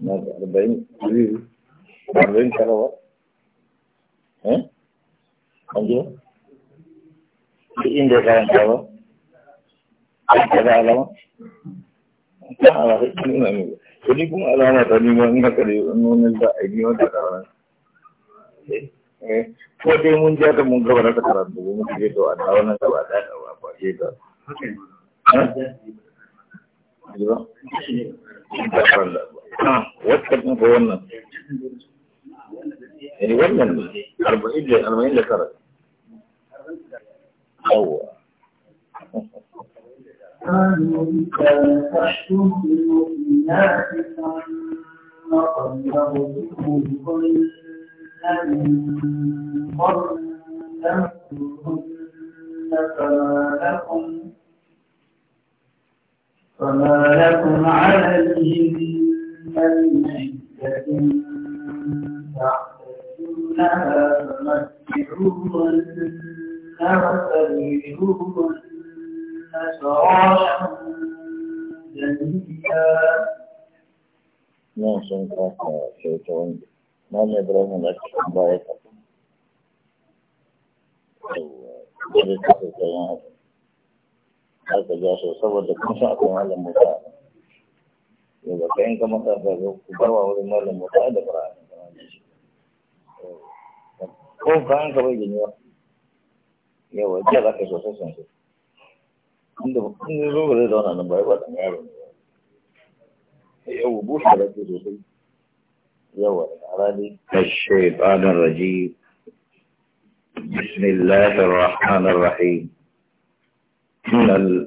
na da arba'in biyu arba'in tarawa eh an ji duk inda ya karanta ba an kaza alama ta alama ta nuna ne ko ni kuma alama ta nuna in haka da yau nuna za a eh? Eh. dai mun ja ta mun ta a dawo nan ta ba a wacce kun fa وين eh wannan ne arba'in da arba'in da tara yawwa قالوا إذا تحكم المؤمنات فقد يغلبوا ظنا من قرنهن فما لكم فما لكم عليهم ميتة تعتدونها فمتعوهن وسرحوهن سراحا nan sun kasa ceto wani mana ibrahim da ke kan baya ka da ta fi tsayin haka haka ja so saboda kun sa akwai malam mutane ya ka masa ka zo ku bar wurin malam mota da fara ko kayan ka bai ginuwa yawa jiya za ka sosai sosai inda kun zo ba zai zauna nan ba ya ba ɗan yaro ne yawa bushe da ke sosai yawa alali الشيطان الرجيم بسم الله الرحمن الرحيم إن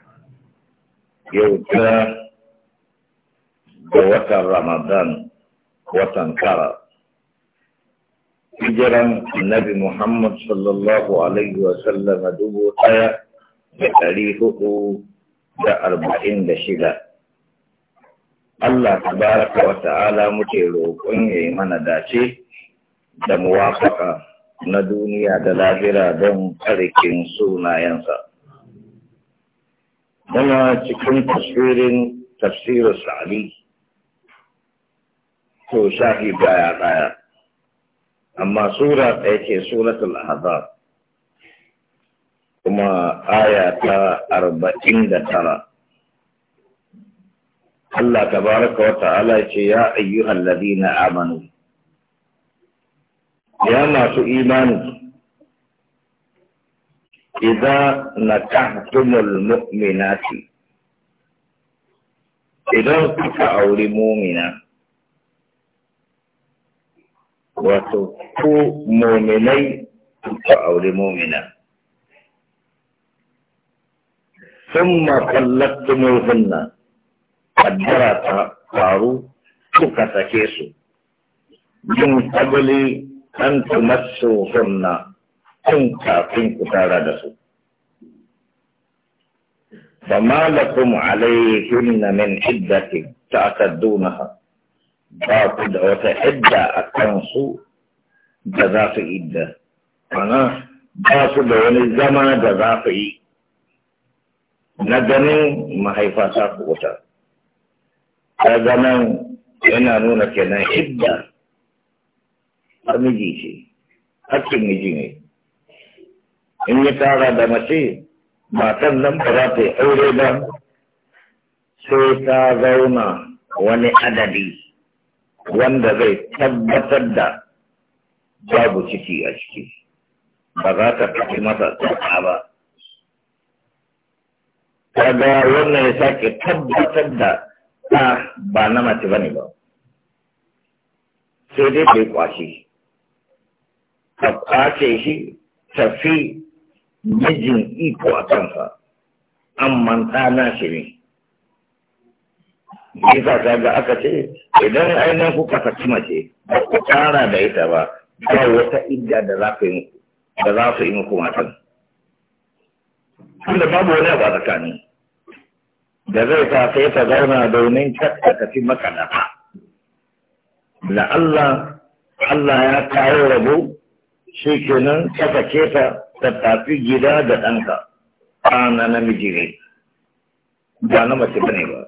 da watan Ramadan watan kara. hijiran annabi Muhammad sallallahu Alaihi wasallama dubu ɗaya da ɗari hudu da arba'in da shida. Allah tabaraka wa ta'ala muke roƙon ya yi mana dace da muwafaka na duniya da lahira don tsarkin sunayensa. هنا تكون تصوير تفسير سعدي تو شاهي بايا بايا اما سورة ايكي سورة الاحضار كما آية أربعين دتارا الله تبارك وتعالى يا أيها الذين آمنوا يا ما في إيمانكم idza nakahtumul mu'minati idan kuka auri mumina wato ku muminai kuka auri mumina summa kallattumulhunna qaddara ta faru kuka sake su min qabli an hunna Kun kafin ku tara da su. Ba ma da kuma alaikun na min idda ke ta aka duna ba ku da wata idda a kansu da za su idda. Ana ba su da wani zama da za su yi na ganin mahaifata ta ku wuta. Ta yana nuna kenan idda a miji ce, hakkin miji ne. in ya tara da mace matan nan ba za ta yi aure ba sai ta zauna wani adadi wanda zai tabbatar da babu ciki a ciki ba za ta tafi masa tsaka ba kaga wannan ya sake tabbatar da ta ba na mace ba ne ba sai dai bai kwashe ta kwace shi tafi mijin iko a kansa amma ɗana shi ne Gisa ta ga aka ce idan ainihin kuka saki ce, ba ku tara da ita ba ba wata idda da za ku yi da za su yi muku matan tunda babu wani abu a tsakani da zai sa sai ta zauna domin ta tafi maka ba. da Allah Allah ya kawo rabo shi kenan ta ta ka tafi gida da ɗanka na namiji ne ba na mace ba ne ba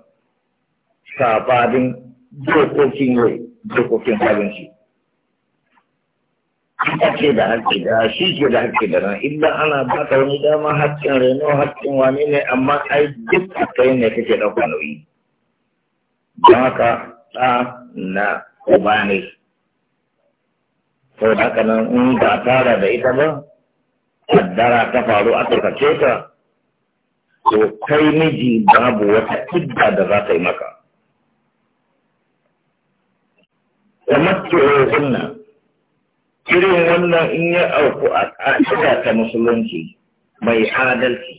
sabanin dokokin yau dokokin abinci ita ce da haƙƙi da shi ke da haƙƙi da nan illa ana ba ka wani dama haƙƙin reno haƙƙin wani ne amma ai duk kai ne kake ɗauka nauyi don haka ta na uba ne sau da haka nan in ba tara da ita ba kaddara ta faru a kace ka to kai miji babu wata idda da za ta yi maka tamattu'uhunna irin wannan in ya auku a ƙasa ta musulunci mai adalci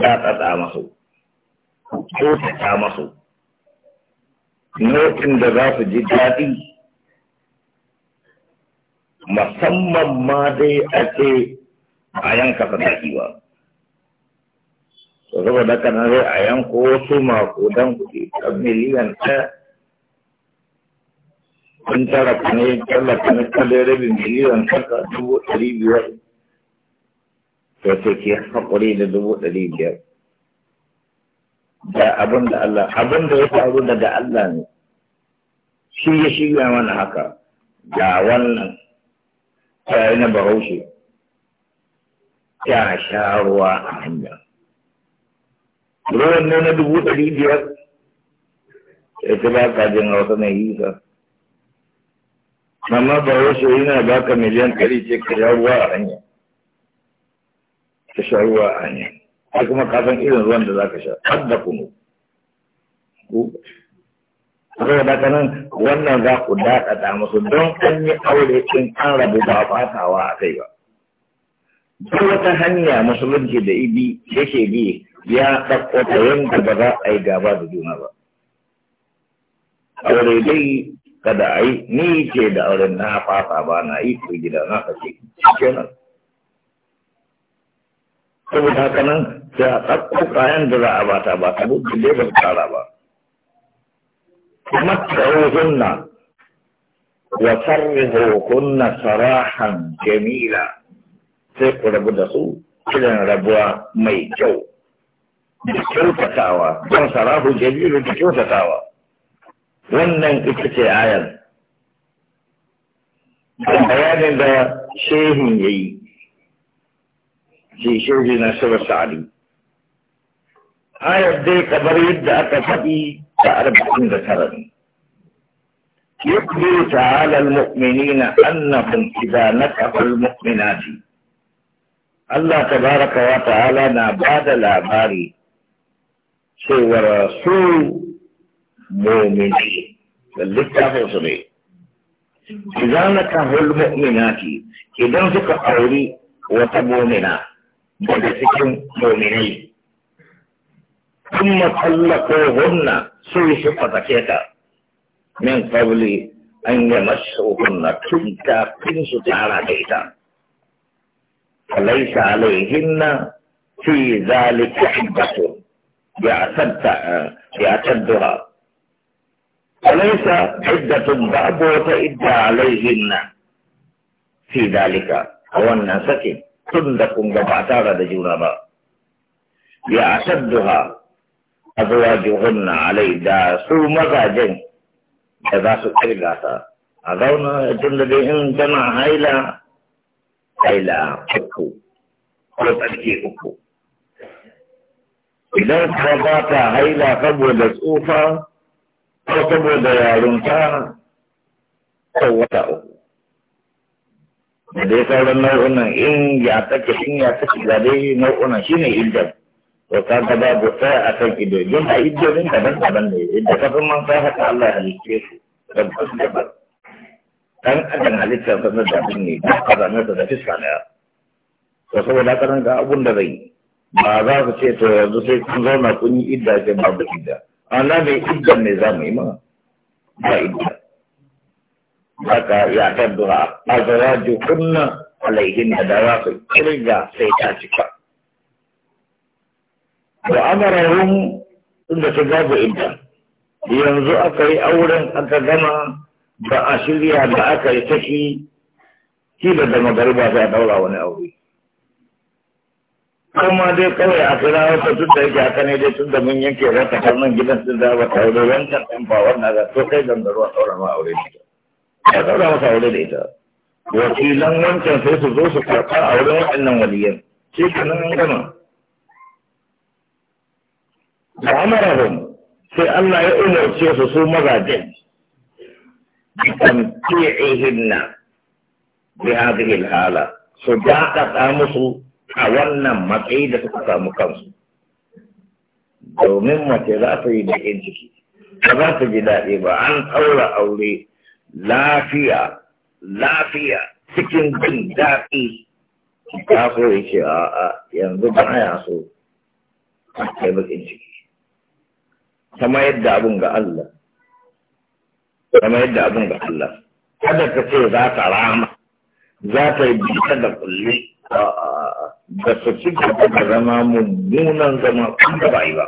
ya tsada masu ko ta ta masu lokacin da za su ji daɗi musamman ma dai a ce a yanka sadaki ba saboda kana zai a yanko wasu makudan kuɗi a miliyan ɗaya kun tara kane tallafa na kada rabin miliyan kaka dubu ɗari biyar to ce ke haƙuri da dubu ɗari biyar da abin da Allah abin da ya faru daga Allah ne shi ya shirya mana haka ga wannan tare na bahaushe ya sha ruwa a hanya ruwan nan na dubu ɗari biyar ita ba ka jin hausa na hisa amma bahaushe yana baka miliyan ɗari ce ka sha ruwa a hanya ka sha ruwa a hanya kuma ka san irin ruwan da za ka sha har da kunu zai daga nan wannan za ku daɗaɗa musu don an yi aure cin an rabu ba fatawa a kai ba. Duk wata hanya musulunci da ibi yake bi ya ɗauko ta yanda ba za a yi gaba da juna ba. Aure dai kada a yi ni ce da auren na fafa ba na yi ko gida na kashe kenan. Saboda haka nan sai a ɗauko kayan da za a bata ba ta duk da ba tsara ba. متعوهن وفرهوهن سراحا جميلا سيق رب دسو كلا ربوا مي جو جو تتاوى جو سراحو جميل جو تتاوى ونن اتتي آيان البيان دا شيهن يي في شيخنا سبا سعدي آية دي كبر يد أكا فبي أربعين ذكرني يخبر تعالى المؤمنين أنهم إذا نكحوا المؤمنات الله تبارك وتعالى نعباد الأباري سوى رسول مؤمنين للتافه صلي إذا نكحوا المؤمنات إذا نكحوا أولي وتبومنا بدأتكم مؤمنين ثم طلقوهن سويش فتاكيتا من قبل أن يمسوهن كنتا كنس تعالى ديتا فليس عليهن في ذلك حبة يعتدها فليس حدة باب وتئد عليهن في ذلك هو الناسك تندكم جبعتا غد جونبا يعتدها na alai da su mazajen da za su kai gasa, a zauna tun da in tana haila haila uku ko tsarki uku idan ka ba ta haila saboda tsufa ko saboda yarunta ko wata uku da dai sauran nau'unan in ya take in ya take da dai nau'unan shine to kaga babu tsaya a kan ido yin a idodin daban-daban ne yadda kafin man sa haka Allah ya halice su daban-daban dan adam halittar sa na daban ne da kazanar sa da fiska daya to saboda haka nan ga abun da zai ba za ku ce to yanzu sai kun na kun yi idda ba babu idda Allah mai idda ne za mu yi ma ba idda haka ya tabbura a zara jukunna alaihin da za su kirga sai ta cika da amararun da ta gaba ita yanzu aka yi auren aka gama ba a shirya da aka yi ta shi, kila da magariba za a daura wani aure kuma dai kawai a kira wata tun da yake haka ne dai tun da mun yanke rata kan nan gidan sun da ba tare da wancan ɗan ba wannan da to kai a daura ma aure shi ya daura masa aure da ita wakilan wancan sai su zo su karɓa a wurin waɗannan waliyan shi kenan gama da amarahum sai Allah ya umarce su su mazajen hinna bi hadhihi al-hala su samu musu a wannan matsayi da suka samu kansu domin mace za ta yi da yin ciki ba za ta ji daɗi ba an tsaura aure lafiya lafiya cikin jin daɗi ta so ya ce a yanzu ba a so a kai bakin ciki kama yadda abun ga Allah kama yadda abun ga Allah kada ka ce za ta rama za ta yi bisa da kulle da su ci gaba da zama mummunan zama kun da bai ba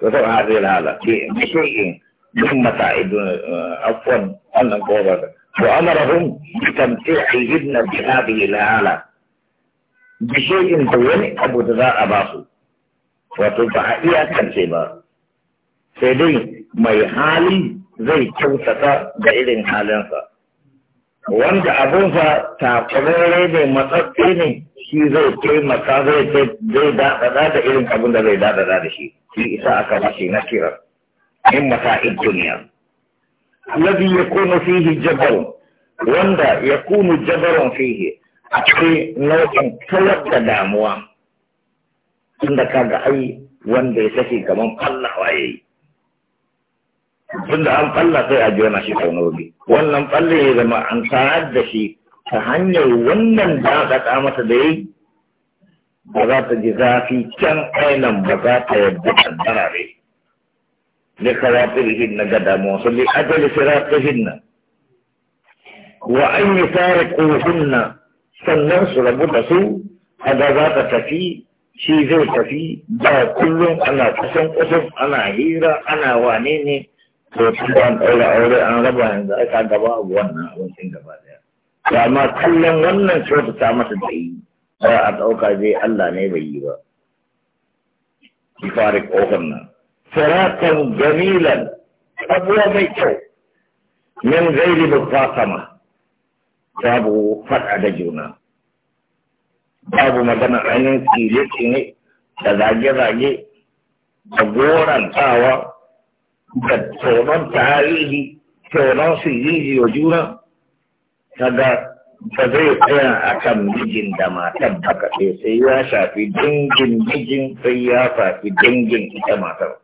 ka ta ba zai lala ke ce bishiyin min mata'idun afwan wannan kowa da وأمرهم بتمتيع الجبنة بهذه الآلة بشيء دوني أبو تذا أباسو wato ba a kance ba sai dai mai hali zai kyautata da irin halinsa wanda abinsa takurare mai matsatsi ne shi zai taimaka zai zai dadada da irin abin da zai dadada da shi shi isa aka mashi na kira in in duniya alladhi yakunu fihi jabal wanda yakunu jabalun fihi akwai nau'in kawar da damuwa tunda kaga ai wanda ya saki kaman fallawa waye. tunda an falla sai a jona shi kaunobi wannan falle ya zama an sanar da shi ta hanyar wannan da aka ta mata da yayi ba za ta ji zafi can ainihin ba za ta yadda kaddara ne ne kawafirihin na gada masu li ajali siratihin nan wa an yi tare ƙohun nan sannan su rabu da su a za ta tafi shi zai tafi ba kullum ana kusan kusan ana hira ana wane ne to tun an ɗaura aure an raba yanzu aka gaba abu wannan abincin gaba daya to amma kallon wannan kyautu ta mata da yi ba a ɗauka zai Allah ne bai yi ba ki fara ƙofar nan siratan jamilan abuwa mai kyau min gairi fatama babu faɗa da juna babu magana ainihin tsire-tsire da zage-zage da gorantawa da tsoron tarihi tsoron su yi juna kaga ba zai tsaya a kan mijin da matar da kaɗe, sai ya shafi dangin mijin sai ya shafi dangin ita matar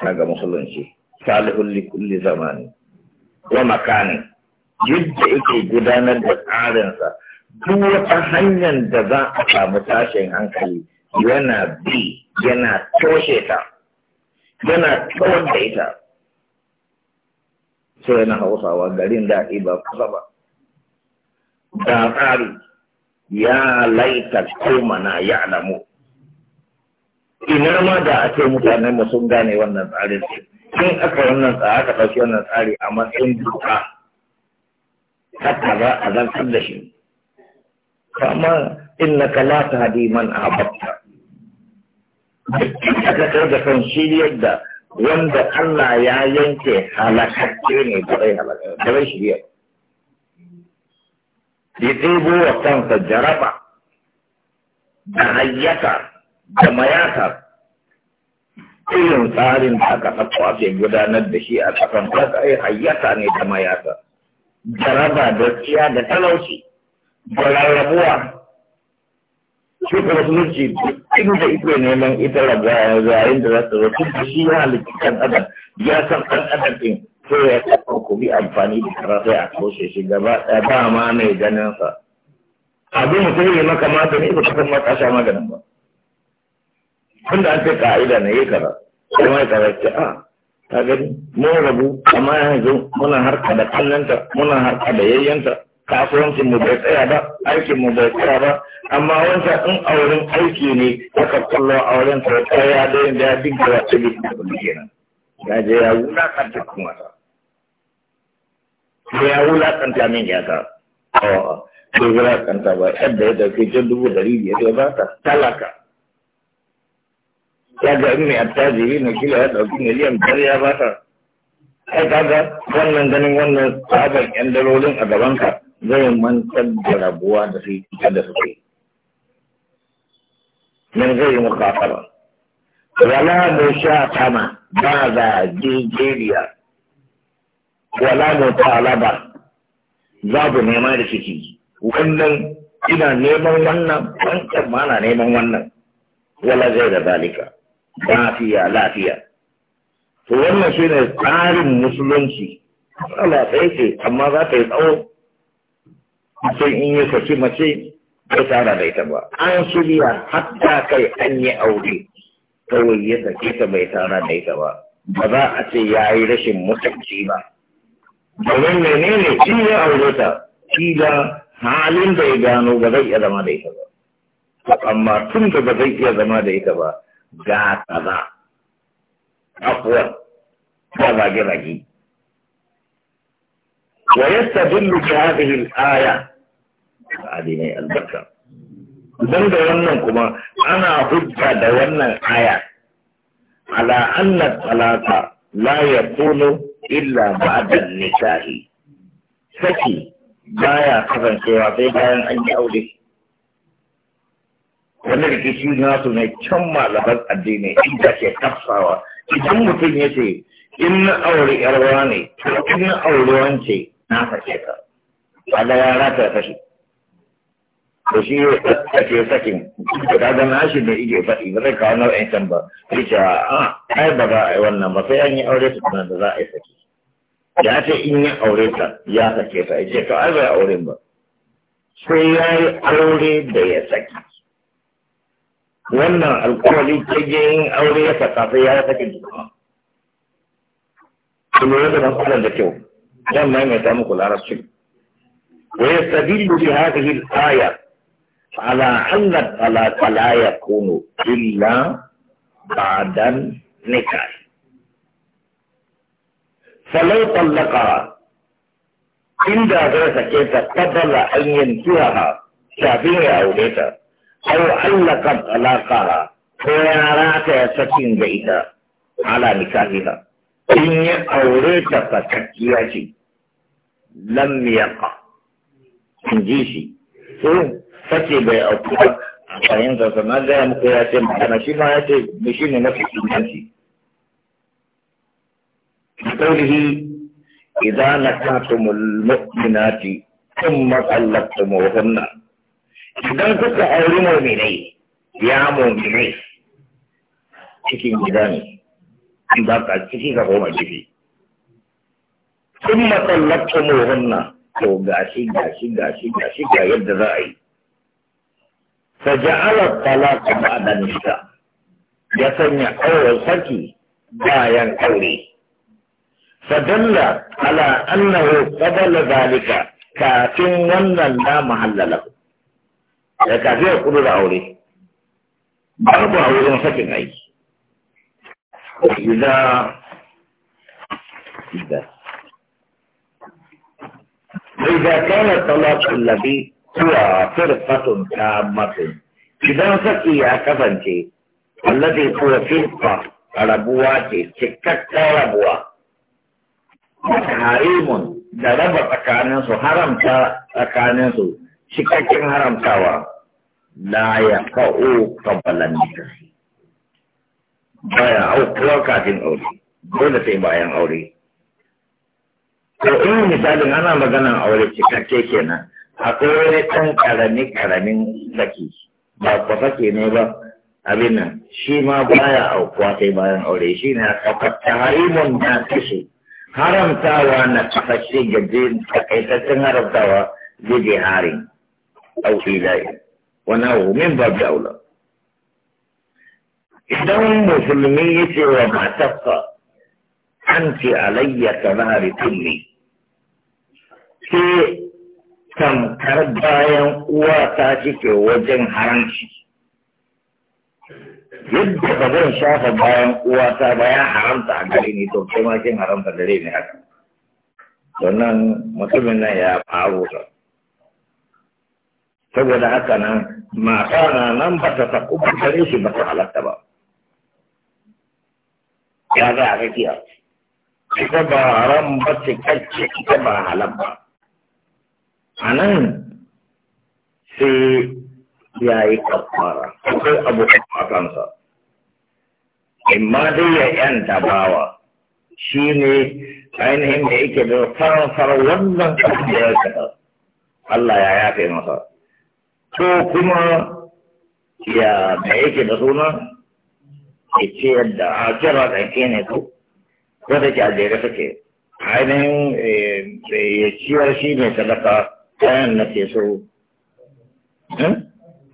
kaga musulunci salihun likulli zamani wa makani yadda yake gudanar da tsarinsa duk wata hanyar da za a samu tashin hankali yana bi yana toshe ta yana kawar da ita sai yana hausawa garin daɗi ba kusa ba da tsari ya laita mana ya alamu ina ma da a ce mutanen mu sun gane wannan tsarin in aka wannan tsari aka ɗauki wannan tsari a matsayin duka haka za a zartar da shi kama innaka la tahdi man da ka da kan shiryar da wanda Allah ya yanke halakacce ne da rai halakacce da rai shirya ya ɗebo wa kansa jaraba da hayyata da mayata irin tsarin da aka ɗauko gudanar da shi a ƙasan ƙasa hayyata ne da mayata jaraba da tsiya da talauci da rarrabuwa shi ko musulunci inda ike neman ita rabuwa yayin da za ta zo tun da shi ya halitta kan adam ya san kan adam din to ya taɓa ku bi amfani da kara sai a toshe shi gaba ba ma mai ganin sa abin mutum ya maka magani ba ka san ma sha maganin ba tunda an ce ka'ida ne ya kaza kuma ya kaza ah, a ta gani mun rabu amma yanzu muna harka da kallanta muna harka da yayyanta kasuwancin mu bai tsaya ba aikin mu bai tsaya ba amma wancan in auren aiki ne aka kullo auren sa tsaya da yin da ya dinga wa tsibi da kuma kenan ya je ya wulakanta kuma sa ya wulakanta min ya ka ko wulakanta ba yadda ya dauke jin dubu dari biyar ya ba ta talaka ya ga in mai attajiri na kila ya dauki miliyan biyar ya ba ta ai kaga wannan ganin wannan sabon yan dalolin a gabanka zai mantar da rabuwa da su da kai. nan zai yi mukafara wala mu sha kama ba za jejeriya wala mu talaba babu nema da ciki wannan ina neman wannan wancan ma na neman wannan wala zai da zalika lafiya lafiya to wannan ne tsarin musulunci Allah sai ce amma za ta yi tsawo mutum in yi saki mace bai tara da ita ba an shirya hatta kai an yi aure kawai ya sake ta bai tara da ita ba ba za a ce ya yi rashin mutunci ba domin menene shi ya aure ta shi da halin da ya gano ba zai iya zama da ita ba amma tun da ba zai iya zama da ita ba ga kaza afuwar ta zage-zage ويستدل بهذه الآية sa'adi mai albarka don da wannan kuma ana hujja da wannan aya ala anna talata, la yakunu illa ba'da nikahi saki baya kasancewa sai bayan an yi aure Wani rikici ke na su ne can malaman addini inda ke tafsawa idan mutum ya ce in na aure yarwa ne in na aure wance na fashe ka ba da yara ta fashe to shi ake sakin da kaga shi da ike faɗi ba zai kawo nau'in can ba sai ce a ah, ai ba za a yi wannan ba sai an yi aure su tukuna da za a yi saki ya ce in yi aure ta ya sake ta ya ce to ai bai aure ba sai ya yi aure da ya saki wannan alkawali ta je yin aure ya saka sai ya yi sakin su kuma yadda na kwanan da kyau zan maimaita muku rasu. ويستدل بهذه الآية ala hannar talakala ya kunu illa ba dan nikah. Salau tallaka inda zai sake ta an yin kiwa shafin ya aure ta, au hallaka talaka ha, ko yara ya sakin ga ita, ala nikahi ha, in ya aure ta fasakkiya ce, lam yaka, in kati bɛ a kuma a ka yin zan zan n'an zaya muku ya se ma kana shi ma ya se mi shi ne na fi si قوله إذا نكعتم المؤمنات ثم طلقتموهن إذا كنت أولي مؤمني يا مؤمني تكين جداني إذا كنت تكين كما جدي ثم طلقتموهن تو غاشي غاشي غاشي غاشي غاشي غاشي غاشي فجعل الطلاق بعد النساء يسمع أول سكي بايا قولي فدل على أنه قبل ذلك كافٍ ونن لا محل له كافٍ يقول أولي بعض a wurin أي إذا إذا كان الطلاق الذي cewa firfatun ta mafi idan saki ya kasance allazi kuwa firfa rabuwa ce cikakken rabuwa harimun da raba tsakaninsu haramta tsakaninsu cikakken haramtawa la ya ka'o kabbalan nikahi baya aukuwa kafin aure dole sai bayan aure Ko in misalin ana maganan aure cikakke kenan akwai wani ɗan ƙarami ƙaramin saki ba ku sake ne ba abin nan shi ma baya aukuwa kai bayan aure shi ne kafar harimun na kashe haramtawa na kafashe gaje takaitaccen haramtawa zai harin au ilahi wani hau min babu aula idan musulmi ya ce wa matarsa an ce alayya ka zahari sai tamkar bayan uwa ta cike wajen haramci yadda ba zan shafa bayan uwa ta bayan haramta a gare ni to kai ma kin haramta rai ne haka sannan mutumin nan ya faru ta saboda haka nan mata na nan ba ta ba gare shi ba ta halatta ba ya za a rakiya ita ba haram ba cikacce ita ba halal ba a nan sai ya yi kafara akwai abu a kansa imma dai ya yan dabawa shi ne ainihin da yake da farar wannan abin da ya kada Allah ya yafe masa ko kuma ya da yake da suna ya ce yadda a kira da ke ne ko ko ke a jere take ainihin eh, ya ciyar shi ne sadaka kayan na ke so hmm?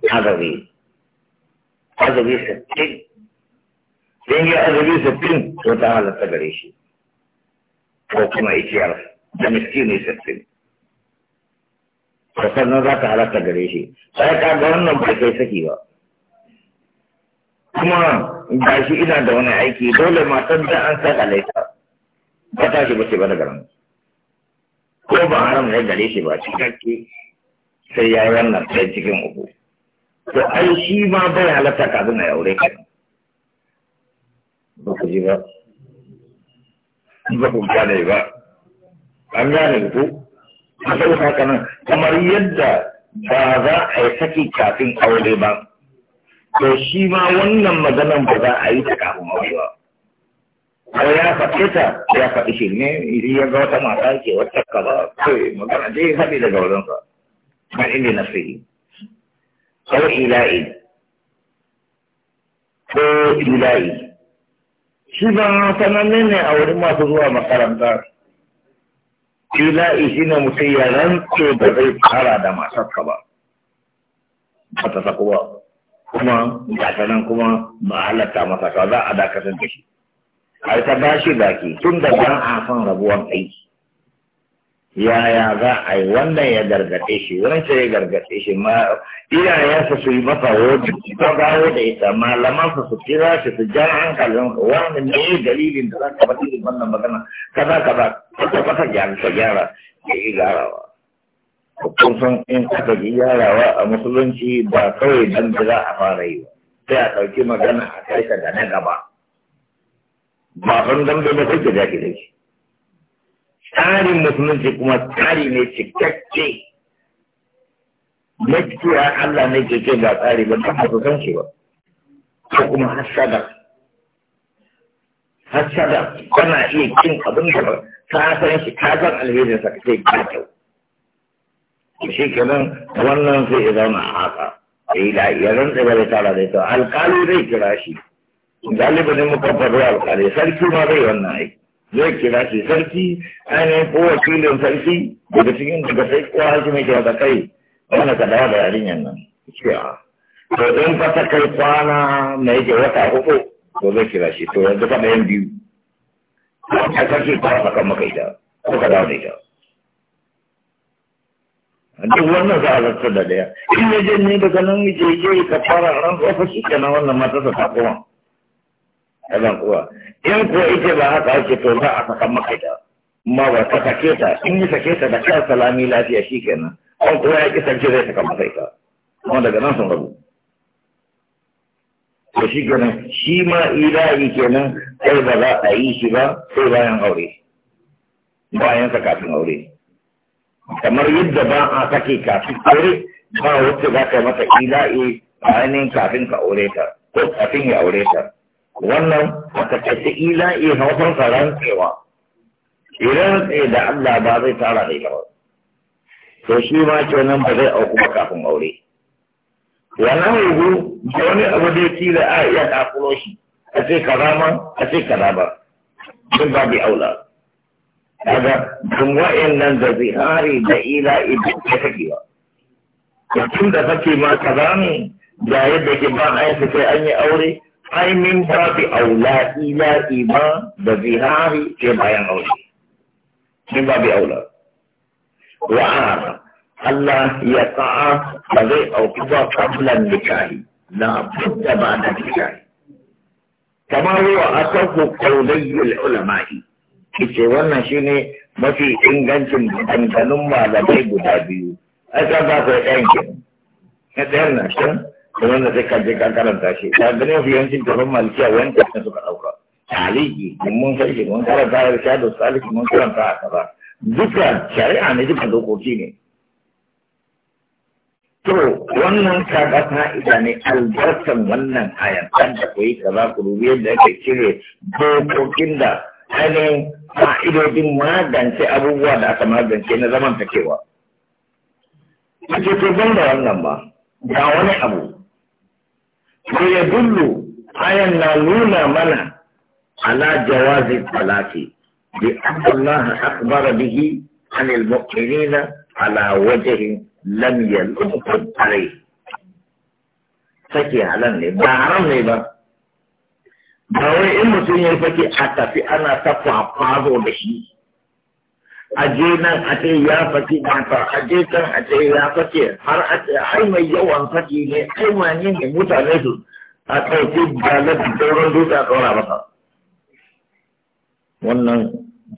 azabi azabi sittin in yi azabi sittin to ta halatta gare shi ko kuma ikiyar da miskini sittin da sannan za ta halatta gare shi sai ka ga wannan bai kai saki ba kuma ga shi ina da wani aiki dole matan da an saka laifa ba ta shi ba ce ba da garin ko ba haram ne gare shi ba cikakke sai ya yi wannan sai cikin uku to ai shi ma bai halatta kafin a aure ka ba ku ji ba ba ku gane ba an gane ku a sau haka nan kamar yadda ba za a yi saki kafin aure ba to shi ma wannan maganan ba za a yi ta kafin aure ba ko ya faɗe ta ya faɗi shi ne idan ya ga wata mata ke wata kaba kai magana dai ya faɗi daga wurin ka kan inda na fi ko ila'i ko ila'i shi ba sananne ne a wurin masu zuwa makaranta ila'i shi ne mutum ya rantse ba zai fara da matarka ba ba ta saku ba kuma ga kuma ba halatta masa ka a dakatar shi ai ta ba shi baki tun da ba a son rabuwan aiki yaya za a yi wannan ya gargaɗe shi wancan ya gargaɗe shi ma iyayensa su yi masa ta gawo da ita malamansa su kira shi su jan hankalin wannan ne ya dalilin da za ka faɗi irin wannan magana kaza kaza kwata kwata gyara ka gyara ka yi gyarawa kun san in aka ji gyarawa a musulunci ba kawai dan da za a fara yi ba sai a ɗauki magana a kai ka da na gaba ba san dambe ba sai ka jahilai tsarin musulunci kuma tsari ne cikakke makiya Allah ne ke ce ba tsari ba ta hasu san shi ba ko kuma hasada hasada kana iya kin abin da ba ka san shi ka san alherin sa kai ba kyau shi kenan wannan sai ya zama a haka ya da ba da tara da ita alƙali zai kira shi galibin muka faru alƙali sarki ma zai wannan ai zai kira shi sarki ainihin ko wakilin sarki daga cikin daga sai ko haji mai kyau da kai wani ka dawo da yarinyar nan ce a to in fa ta kai kwana mai yake wata hudu to zai kira shi to yanzu fa yan biyu a sarki ta saka maka ita ko ka dawo da ita duk wannan za a zartar da daya in ya je ne daga nan ya je ya yi kafara ran ko fa shi kenan wannan matarsa ta kuma. ɗan kuwa in ko ita ba haka ake to ba a sakan maka ita ma ba ta sake ta in yi sake ta da kan salami lafiya shi kenan an kuwa ya ki sarki zai sakan maka ita kuma daga nan sun rabu to shi kenan shi ma ilahi kenan sai ba za a yi shi ba sai bayan aure bayan sa kafin aure kamar yadda ba a sake kafin aure ba wacce za ka yi mata ila'i a ainihin kafin ka aure ta ko kafin ya aure ta wannan a takaice ila iya hausan tsaron cewa idan tsaye da Allah ba zai tara da ita ba to shi ma nan ba zai auku ba kafin aure wannan yugo da wani abu da yake da a iya kakulo shi a ce ka rama a ce ka raba. duk ba bi aula kaga dun nan da zihari da ila idan ka take ba tun da kake ma kaza ne da yadda ke ba a yi sai an yi aure ai min bi aula ila ima da zihari ke bayan aure min bi aula wa ana Allah ya ta'a ba zai auki ba kablan nikahi na budda ba da nikahi kama huwa asahu qawliyul ulama'i kice wannan ne mafi ingancin danganun malamai guda biyu aka ka ku ɗayan na ɗayan na wanda sai kaje ka karanta shi ka gani mafi yawancin tafin malikiya wani tafin suka ɗauka taliki mun sarki mun karanta da mun karanta a kaza duka shari'a ne duka dokoki ne to wannan kaga ida ne albarkan wannan ayan dan da koyi kaza ku rubi yadda ake cire dokokin da ainihin fa'idodin magance abubuwa da aka magance na zamantakewa. Ake to ban da wannan ba, ga wani abu Sai ya dullu, hayan na nuna mana ala jawazi talaki, bi Allah akbar bihi anil mu'minina ala wajahin lam yalqut alayhi. Saki halal ne, ba haram ne ba. Ba wai in mutum ya saki a tafi ana tafa fado da shi. aje nan a ce ya faki mata aje kan a ce ya fake har a ce ai mai yawan faki ne ai wani ne mutane su a ɗauki galar sauran dutse a ɗora masa wannan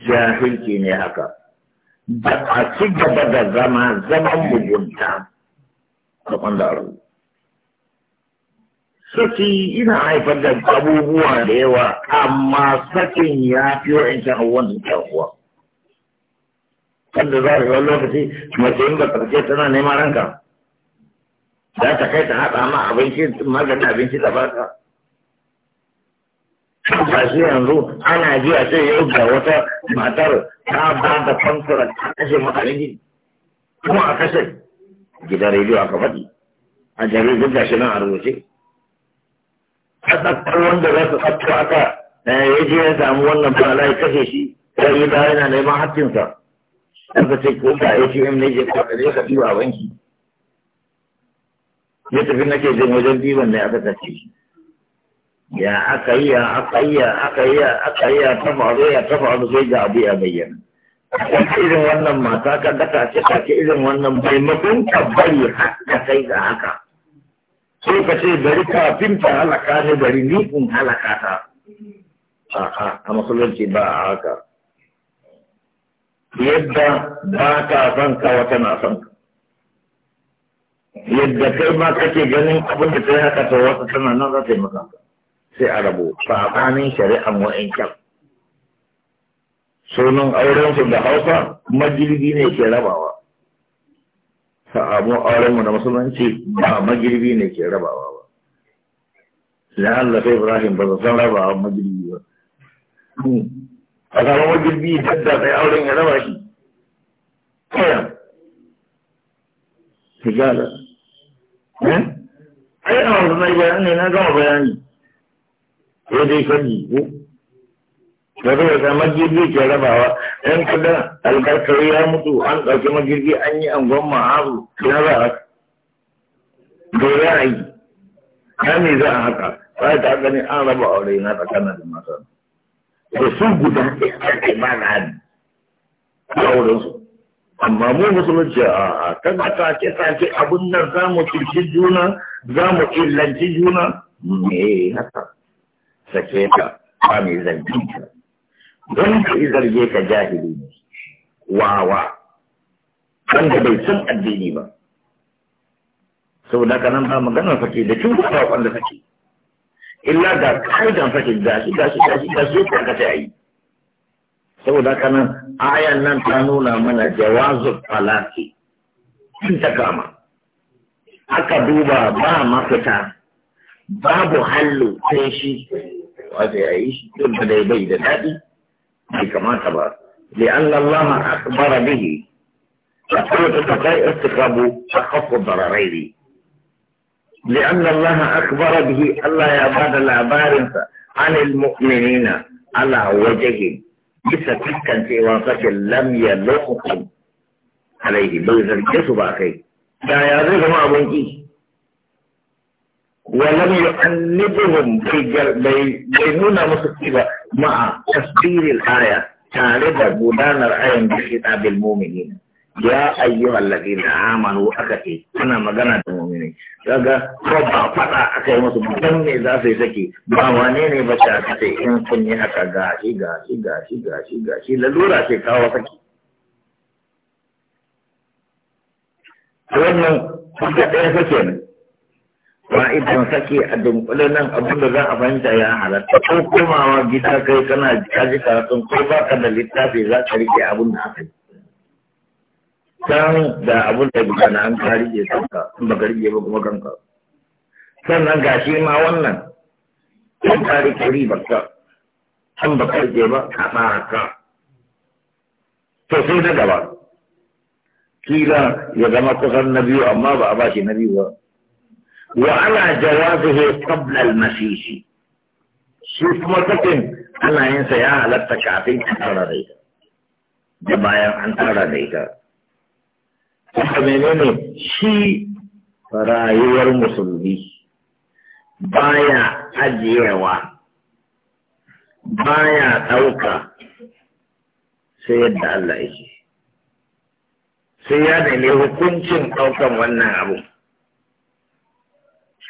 jahilci ne haka da a ci gaba da zama zaman mugunta a aru saki ina haifar da abubuwa da yawa amma sakin ya fi wa'ancan abubuwan da kyawuwa Kanda za a yi wani lokaci mace yin ba karshe tana neman ranka za ta kai ta haɗa ma abinci maganin abinci da ba ka ba su yanzu ana biya sai yau da wata matar ta ba da kwamfura ta kashe mutane ne kuma a kashe gidan rediyo aka faɗi a jaridun gashi nan a rubuce a tsakar wanda za su tsakko aka na eh, yaje ya samu wannan ba ya kashe shi sai yi dawo neman haƙƙinsa dan ka ce ko ga ATM ne ke kafa ne ka ɗiba banki ya tafi nake jin wajen ɗiban ne aka tafi ya aka yi ya aka yi ya aka yi ya aka yi ya ta faru ya ta faru sai ga abu ya bayyana kan irin wannan mata ka daka ce ka ce irin wannan bai maimakon ka bari haka kai ga haka sai ka ce bari kafin ta halaka ne bari ni in halaka ta a'a a musulunci ba a haka yadda ba ka son ka wata na son yadda kai ma kake ganin abin da ta yi haka ta wata tana nan za ta yi maka sai a rabu tsakanin shari'an kyau sunan aurensu da hausa magirbi ne ke rabawa sa'abun aurenmu da musulunci ba magirbi ne ke rabawa ba la'allafa ibrahim ba za san rabawa magirbi ba hmm. a zama wajen biyu dadda sai auren ya raba shi kaya sigala eh? ai a wanzu na bayani na gama bayani ya dai sani ko da zai sa magirgi ke rabawa ɗan kada albarkar ya mutu an ɗauki magirgi an yi an gwamma haru ya za a dole a yi ya ne za a haka ba ta gani an raba aure na tsakanin da da su guda ɗaya a ba hannu a wurinsu amma mu musulunci a kaga ta ce ta ce abin nan za mu cikin juna za mu illanci juna me haka sake ka ba mai zargi ka don ka yi zarge ka jahili ne wawa wanda bai san addini ba saboda kanan ba maganar sake da cuta wanda sake illa da kaidan sakin gashi gashi gashi gashi ka kace yi. saboda kanan ayan nan ta nuna mana jawazul talaqi in ta kama aka duba ba mafita babu hallu sai shi wato yi shi duk da bai da daɗi bai kamata ba لأن الله أخبر به فقلت تقاي استقابه أخف الضررين لأن الله أكبر به الله يا عباد العبار عن المؤمنين على وجههم بس تلك في وقت لم يلوقهم عليه بغزر جسوا باقي لا يعرفهم أبنجي ولم يؤنبهم في جلد بينونا مسكتبة مع تصدير الآية تعرف بودان الآية بخطاب المؤمنين ya ayyu allazi na amanu aka ce ana magana da mu'mini kaga ko ba fada aka yi musu dan me za su yi saki ba wane ne ba ta kace in kun yi haka gashi gashi gashi ga shi lalura ce kawo saki wannan kuka ɗaya sake ne ba idan sake a dunkule nan abin da za a fahimta ya halatta ko komawa gida kai kana kaji karatun ko ba ka da littafi za ka rike abin da aka yi can da abun da ya na an karije kanka in ba karije ba kuma kanka sannan ga shi ma wannan an karike ribar ka an ba karije ba a tsara ka to sai na gaba kila ya zama kusan na biyu amma ba a bashi na biyu ba wa ana jawazihi qabla al-masisi shi kuma kafin ana yin sa ya halatta kafin an tara da ita da bayan an tara da ita menene shi rayuwar musulmi baya ajiyewa baya ɗauka sai yadda Allah yake sai ya nemi hukuncin ɗaukan wannan abu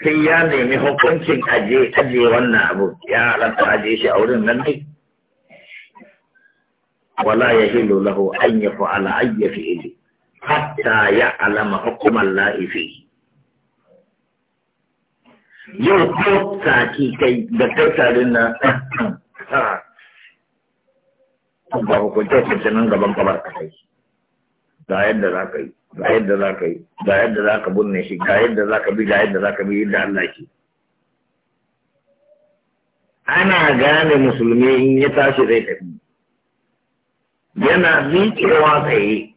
sai ya nemi hukuncin aje aje wannan abu ya halatta aje shi a wurin nan ne wala ya hilo lahu an ya fa'ala an ya fi'ili hatta ya alama hukumar la'ifi yau ko saki kai da tattalin na ba a kunce nan gaban kamar ka kai ga yadda za ka yi ga yadda za ka yi ga yadda za ka bunne shi ga yadda za ka bi ga yadda za ka bi yadda Allah ke ana gane musulmi in ya tashi zai tafi yana cewa tsaye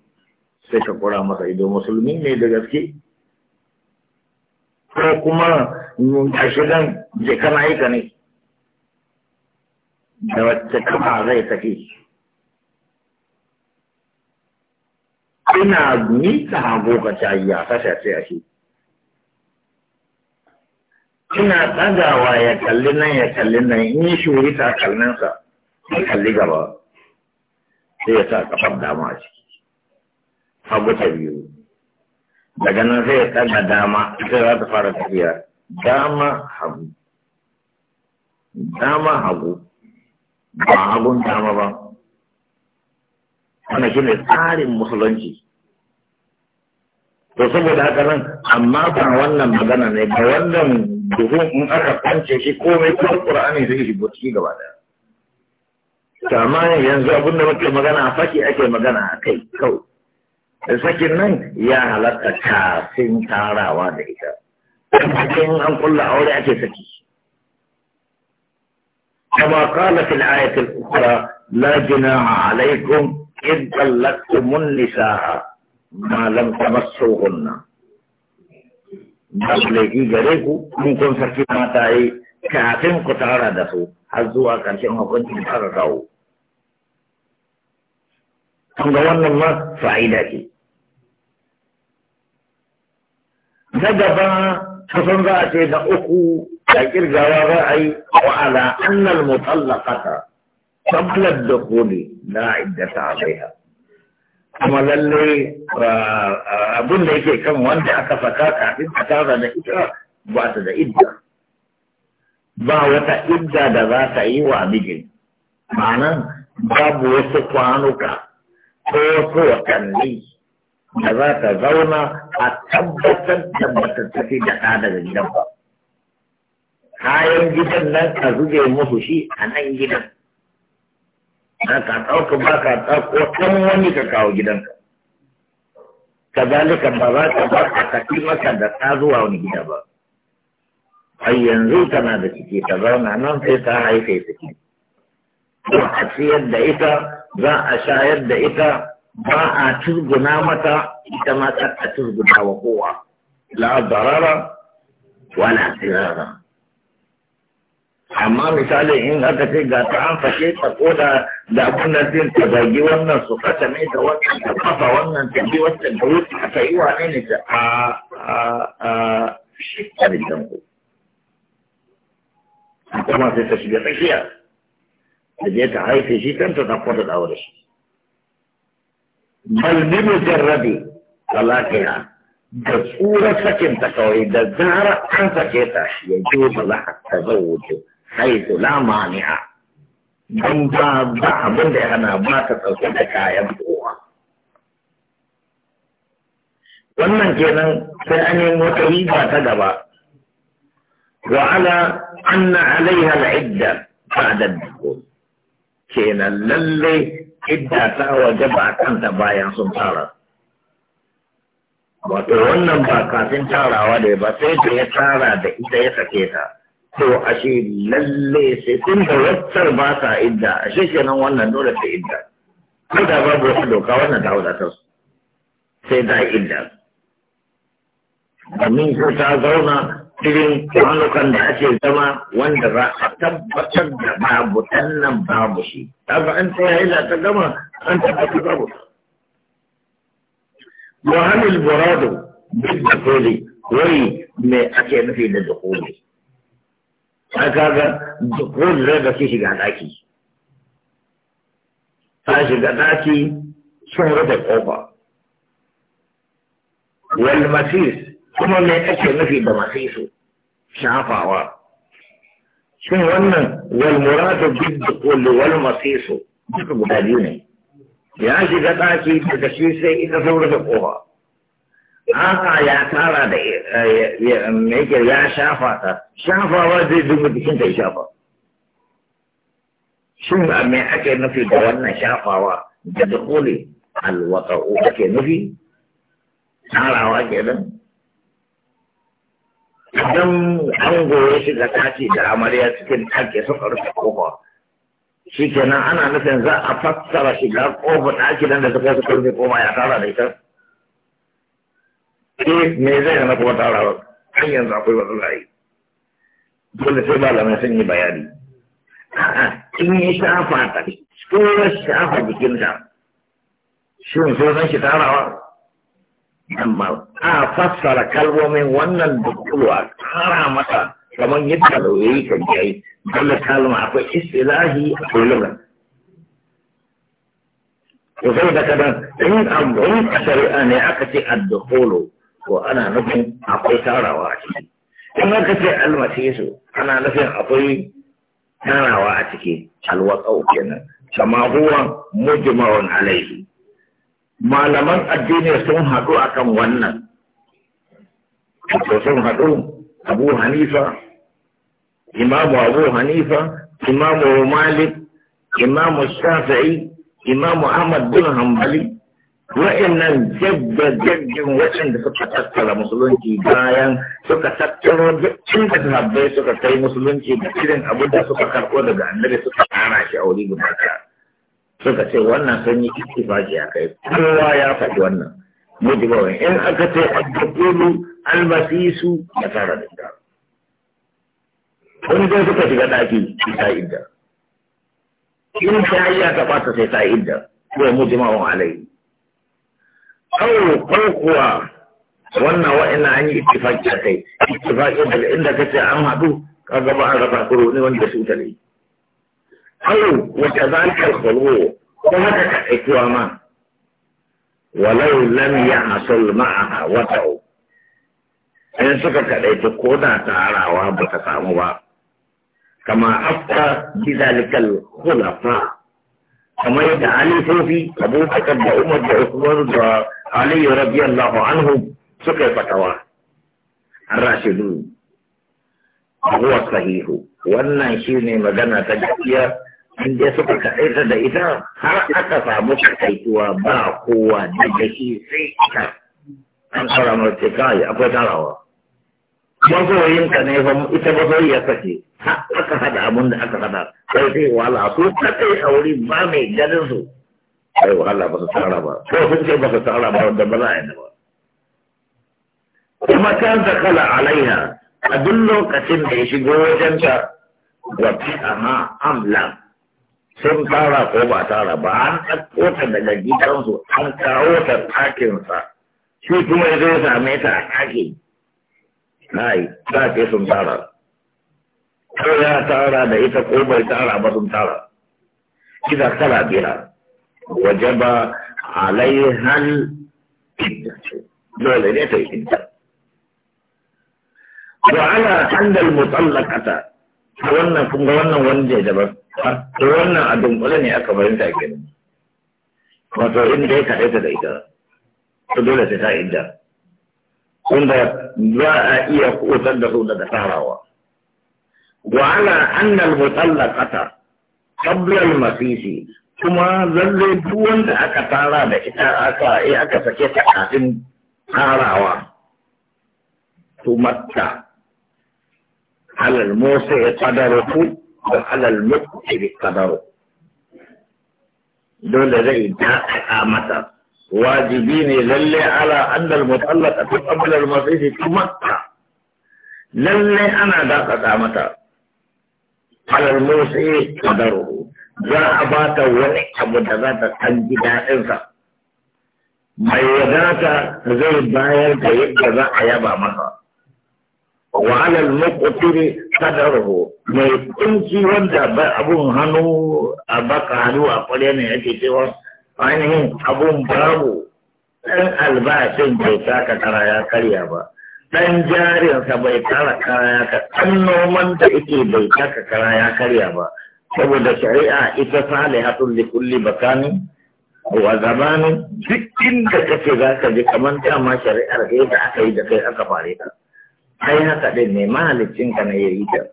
sai ka kura masa ido musulmi ne da gaske ko kuma a shigan jikan aika ne da wacce kafa zai tafi ina mika hago ka cayi a kasha a shi ina ya kalli nan ya kalli nan in yi shuri takalminsa ya kalli gaba sai ya sa kafar dama ce hagu biyu daga nan sai ya tsaga dama ita za ta fara tafiya dama hagu dama hagu ba hagun dama ba wannan shi ne tsarin musulunci to saboda haka nan amma ba wannan magana ne ba wannan duhun in aka kwance shi komai kuma ƙur'ani zai shigo shi, gaba da to amma yanzu abin da muke magana a faki ake magana a kai kawai لكن لن يعلمك سن ترى وليك لكن كما قال في الايه الاخرى لا جناح عليكم اذ بلغتم النساء ما لم تمسوهن بلغي غريب ممكن سكي ما تاي كاتم كتارا دسو حزوا كان شنو كنت تتارا داو ثم غوانا na gaba kusan za a ce na uku da kirgawa za a yi wa ala annal mutallaqata qabla ad-dukhuli la iddata alaiha kuma lalle abin da yake kan wanda aka saka kafin a tara da ita ba ta da idda ba wata idda da za ta yi wa mijin ma'anan babu wasu kwanuka ko wasu da za ka zauna a tabbatar da matattafi da ɗa daga gidan ba. Kayan gidan nan ka zube musu shi a nan gidan. Na ka ɗauka ba ka ɗauko ɗan wani ka kawo gidanka. Kazalika ba za ka ba ka tafi maka da ta zuwa wani gida ba. Ai yanzu tana da ciki ta zauna nan sai ta haife ciki. Ko a ciyar da ita, za a shayar da ita, ba a turguna mata ita ma kar a turguna wa kowa la darara wala sirara amma misali in aka ce ga ta an fashe ta ko da da abunan din ta zagi wannan su kasa ne da wannan ta kafa wannan ta bi wannan da wuce aka yi wa ne ta a a a shekarin danko kuma sai ta shiga tsakiya da je ta haife shi kanta ta kwata da aure shi ملني مجربي الله كيان دسورة سكين تكوي دزارة عن سكيتا يجوب الله حيث لا مانع من باب دع من لهنا باك ومن كنا سأني متريبا تدبا وعلى أن عليها العدة بعد الدخول كنا للي idda ta waje ba kanta bayan sun tara wato wannan ba kafin tarawa da ba sai da ya tara da ita ya sake ta to ashe lalle sai tun da wattar ba ta idda ashe kenan wannan dole ta idda ko da babu wata doka wannan ta wadatar sai da idda domin ko ta zauna irin kwanukan da ake zama wanda za a tabbatar da babu nan babu shi kaga an tsaya ila ta gama an tabbatar babu wa hamil buradu duk da koli wai me ake nufi da dukuli a kaga dukuli zai da shi shiga daki ta shiga daki sun rufe kofa wal masis kuma me ake nufi da masifu shafawa shin wannan wal muradu bid dukhul wal masifu duka guda biyu ne ya shiga ɗaki daga shi sai ita saura da kowa a'a ya tara da yake ya shafa ta shafawa zai dubu jikin ta shafa shin a me ake nufi da wannan shafawa da dukhuli alwaqa'u ake nufi tarawa kenan idan an goye shi da tashi da amarya cikin ɗaki suka rufe kofa shi kenan ana nufin za a fassara shiga kofa ɗaki nan da suka suka rufe kofa ya tara da ita ke eh, me zai na kuma tara ba har yanzu akwai wasu layi dole sai malamai sun yi bayani in yi shafa ta ko shafa ta shin so zan shi tarawa amma a fassara kalmomin wannan dukkulu a kara mata kamar yadda da yayi kan yi dole kalma akwai istilahi a kullum to sai da kadan in an amrun a shari'a ne aka ce ad-dukhulu ko ana nufin akwai tarawa a ciki in aka ce al-masisu ana nufin akwai tarawa a ciki al-waqau kenan kama huwa mujma'un alaihi malaman addini sun haɗu akan wannan sun haɗu abu hanifa imamu abu hanifa imamu malik imamu shafi'i imamu ahmad bin hanbali wa'annan jabba jabbin da suka tattara musulunci bayan suka tattaro duk inda sahabbai suka kai musulunci da cikin abin suka karɓo daga annabi suka kara shi a wuri guda suka ce wannan sun yi ittifaqi akai kowa ya faɗi wannan mujibawai in aka ce addabulu albasisu ya fara da ita wani dai suka shiga ɗaki ta idda in ta yi ya taɓa sai ta idda ko mujimawan alai kawo kwakwa wannan wa'ina an yi ittifaqi akai ittifaqi daga inda ka ce an haɗu ka gaba a raba kuro ne wanda su ta ne halin wata za ka kwalwo ko haka ka aikuwa ma walau lam ya hasul ma'aha wata in suka kaɗaita ko da tarawa ba ta samu ba kama afta bizalikal khulafa kamar yadda alifofi abubakar da umar da usman da aliyu radiyallahu anhu suka yi fatawa an rashidu abuwa sahihu wannan shi ne magana ta gaskiya in dai suka kaɗaita da ita har aka samu kaɗaituwa ba kowa da jiki sai ita an tsara mace kai akwai tarawa masoyin ka ne fam ita ya kace har aka haɗa abun da aka haɗa sai sai wahala su ka a wuri ba mai ganin su sai wahala ba su tsara ba ko sun ce ba su tsara ba wanda ba za a yi ba kuma ta zakala alaiha a duk lokacin da ya shigo ta wa fi'aha amlam sun tsara ko ba tsara ba an ɗauko ta daga gidansu an kawo ta ɗakinsa shi kuma ya zai same ta a ɗaki yi ta ce sun tsara. ko ya tsara da ita ko bai tsara ba sun tara kisa kala bira alai hal dole ne ta yi idda wa ala annal mutallaqata wannan kun ga wannan wani da ba to wannan a dunkule ne aka bari ta ke? wato inda ya ta da ita to dole sai ta idda Wanda za a iya kusan da su daga tarawa wa ala annal mutallaqata qabla al masisi kuma zalle duk wanda aka tara da ita aka yi eh, aka sake ta kafin tarawa to matta halal musa ya qadaru ko alal mukhtari qadaru dole zai dakata mata wajibi ne lalle ala annal mutallaqa fi qabl al mafisi fi makkah lalle ana dakata mata alal mukhtari qadaru za a ba ta wani abu da za ta san gidaɗinsa mai wadata zai bayar da yadda za a yaba masa وعلى المقتل قدره ما يمشي وانت ابو هنو a هنو ne يجي سوى ainihin abun babu ɗan albashin bai taka kara ya karya ba ɗan jarinsa bai tara kara ya ɗan noman da yake bai taka kara ya karya ba saboda shari'a ita salihatun li kulli bakani wa zamanin duk inda kake zaka ji kamar ma shari'ar da aka yi da kai aka fare ka ai haka din ne mahaliccin ka na yayi ta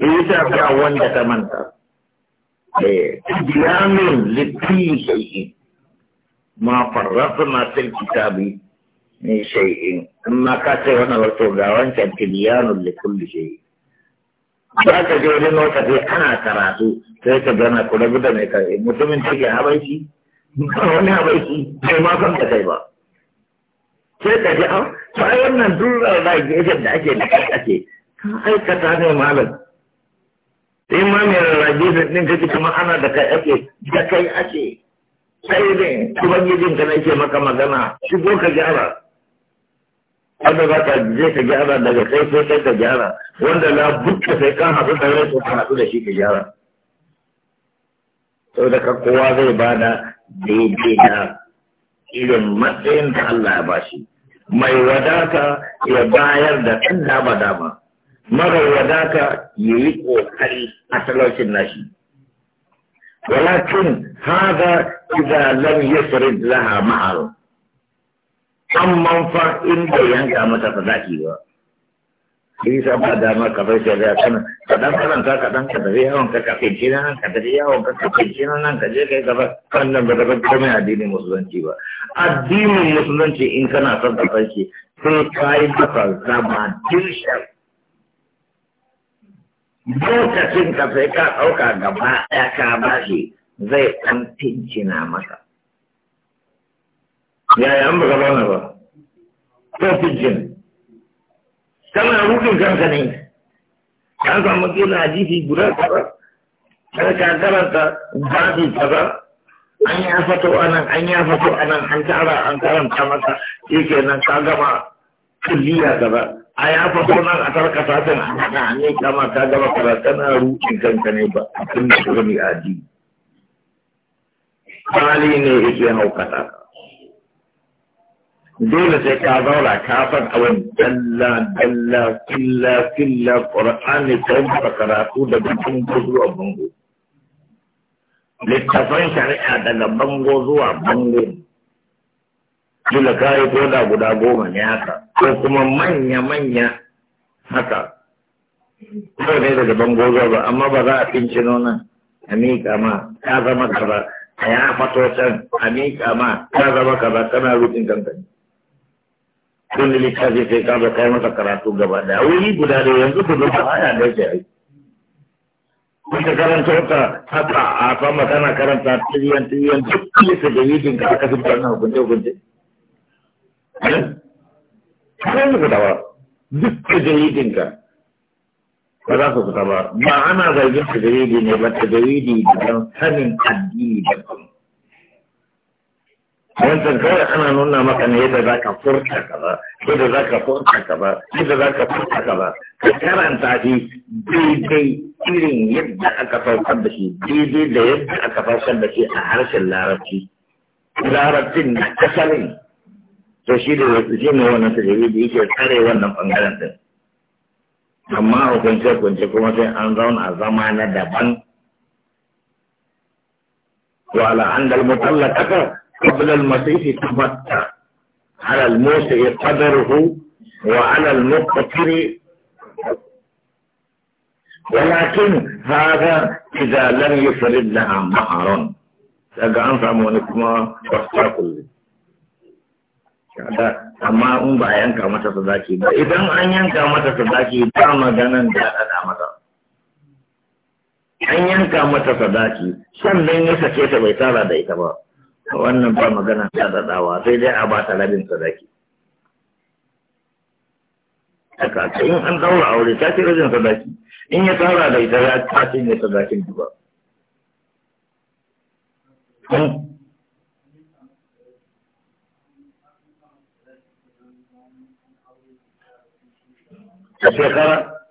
yayi ta ga wanda ka manta eh biyamin likulli shay'in ma farrafna fil kitabi min shay'in amma ka ce wannan wato ga wancan tibyanu likulli shay'in za ka je wani lokaci ana karatu sai ka gana ku rabu da mai kai mutumin take habaiki ba wani habaiki sai ma san ka kai ba sai ka ji an ah, to ai wannan durar da da ake da kai ake ka aikata ne malam sai ma mai rarrabe da ɗin kake kuma ana da kai ake da kai ake sai ne ubangijin ka nake maka magana shigo ka gyara wanda za ka je ka gyara daga kai sai kai ka gyara wanda na bukka sai ka haɗu da rai ka haɗu da shi ka gyara sau da kowa zai bada daidai da irin matsayin da Allah ya bashi mai wadaka ya bayar da ɗan dama dama mara wadaka ya yi ƙoƙari a talaucin nashi walakin haza idza lam yusrid laha ma'al amma fa inda yanka mata fadaki ba shi sa ba dama ka bar shari'a kana ka dan karanta ka dan ka tafi yawon ka ka finci nan ka tafi yawon ka ka finci nan ka je kai gaba wannan ba daga komai addinin musulunci ba addinin musulunci in kana son ka farki sai ka yi masa zama dirshan lokacin ka sai ka ɗauka gaba ɗaya bashi zai ɗan fincina masa yaya an ba ka ba ko fincina kana rufin kanka ne ka samu kila hadisi guda kaza kada ka karanta babi kaza an ya fato anan an ya fato anan an tara an karanta maka masa shikenan ka gama kulliya gaba a ya fato nan a tarkata ta a hada an yi kama ka gama karanta kana rufin kanka ne ba a da ka gami addini hali ne yake haukata ka dole sai ka zauna ka san abin dalla dalla killa killa qur'ani ko karatu da bakin zuwa bango littafan shari'a daga bango zuwa bango dole ka yi koda guda goma ne haka ko kuma manya manya haka ko ne daga bango zuwa ba amma ba za a fince nonan a miƙa ma ka zama kaza a ya fato can a miƙa ma ka zama kaza kana rufin kanka don littafi kai ka bai kai masa karatu gaba daya wuri guda da yanzu ku zuba aya da yake ai kun karanta ta haka a fama kana karanta tiriyan tiriyan duk lissa da yidin ka aka zuba na hukunce hukunce kai eh? ku ba duk da yidin ka ba za su fita ba ba ana zargin tajiridi ne ba tajiridi don sanin addini da kuma wancan kawai ana nuna maka ne yadda za ka furta ka ba yadda za ka furta ka ba yadda za ka furta ka ba ka karanta shi daidai irin yadda aka saukar da shi daidai da yadda aka saukar da shi a harshen larabci larabcin na asalin to shi da shi ne wannan tajiri da yake tsare wannan bangaren din amma hukunce kunce kuma sai an zauna zama na daban wala an dalmutallaka قبل المسيح تبتع على الموسع قدره وعلى المقتر ولكن هذا إذا لم يفرد لها مهرا daga an samu wani kuma kwasta kullum amma in ba a yanka mata sadaki ba idan an yanka mata sadaki ba maganan da ɗaɗa mata an yanka mata sadaki sannan ya sake ta bai tara da ita ba wannan ba magana ta daɗawa sai dai a ba ta rabin sadaki kaka in an daura aure ta ce rabin sadaki in ya tsara da ita ya ta ce ne sadakin duba hmm? shekara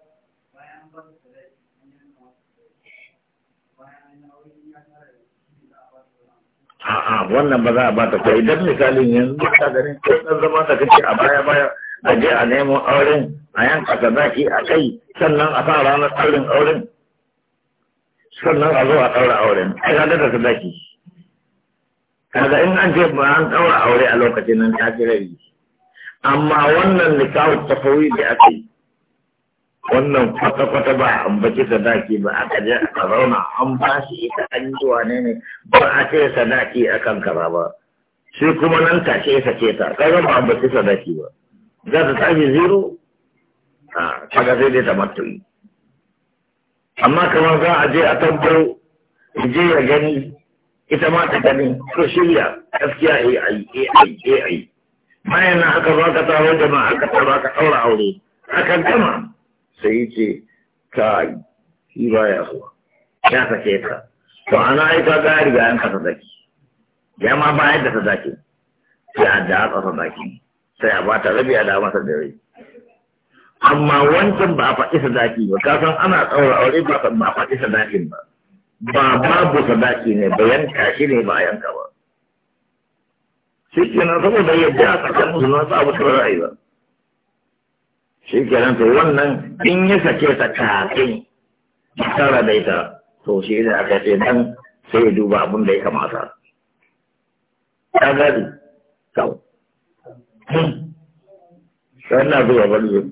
a'a wannan ba za a bata kwa. idan misalin yanzu ta ganin ko zama da kake a baya baya a je a nemo auren a yanka ka zaki a kai sannan a sa ranar ɗaurin auren sannan a zo a ɗaura auren ai ga da sadaki kaga in an ce ba an ɗaura aure a lokacin nan ta ji amma wannan nikahu tafawi da ake wannan kwata-kwata ba an baki sadaki ba aka je aka zauna an ba shi ita an yi wane ne ba a ce sadaki a kan kara ba shi kuma nan ce sa ce ta kaga ba an baki sadaki ba za ta tashi zero a kaga sai dai ta matuyi amma kamar za a je a tabbaro je ya gani ita ma ta gani ko shirya gaskiya ai ai ai ai ai bayan aka baka taro jama'a aka taro aka ɗaura aure aka gama sai ce ta yi. ba ya zuwa ya sake ta to ana aika ga riga an kasa zaki ya ma ba yadda ta zaki sai a da kasa zaki sai a ba ta rabi a da masa da rai amma wancan ba a faɗi sadaki ba ka san ana tsaura aure ba ba a faɗi sadakin ba ba babu sadaki ne ba yanka shi ne ba a yanka ba shi nan saboda yadda a tsakanin su na sa ta ra'ayi ba shi ke nan sai wannan in ya sake ta kafin tara da ita to shi ne aka ce nan sai ya duba abin da ya kamata ta gadi kawo sai na zuwa bari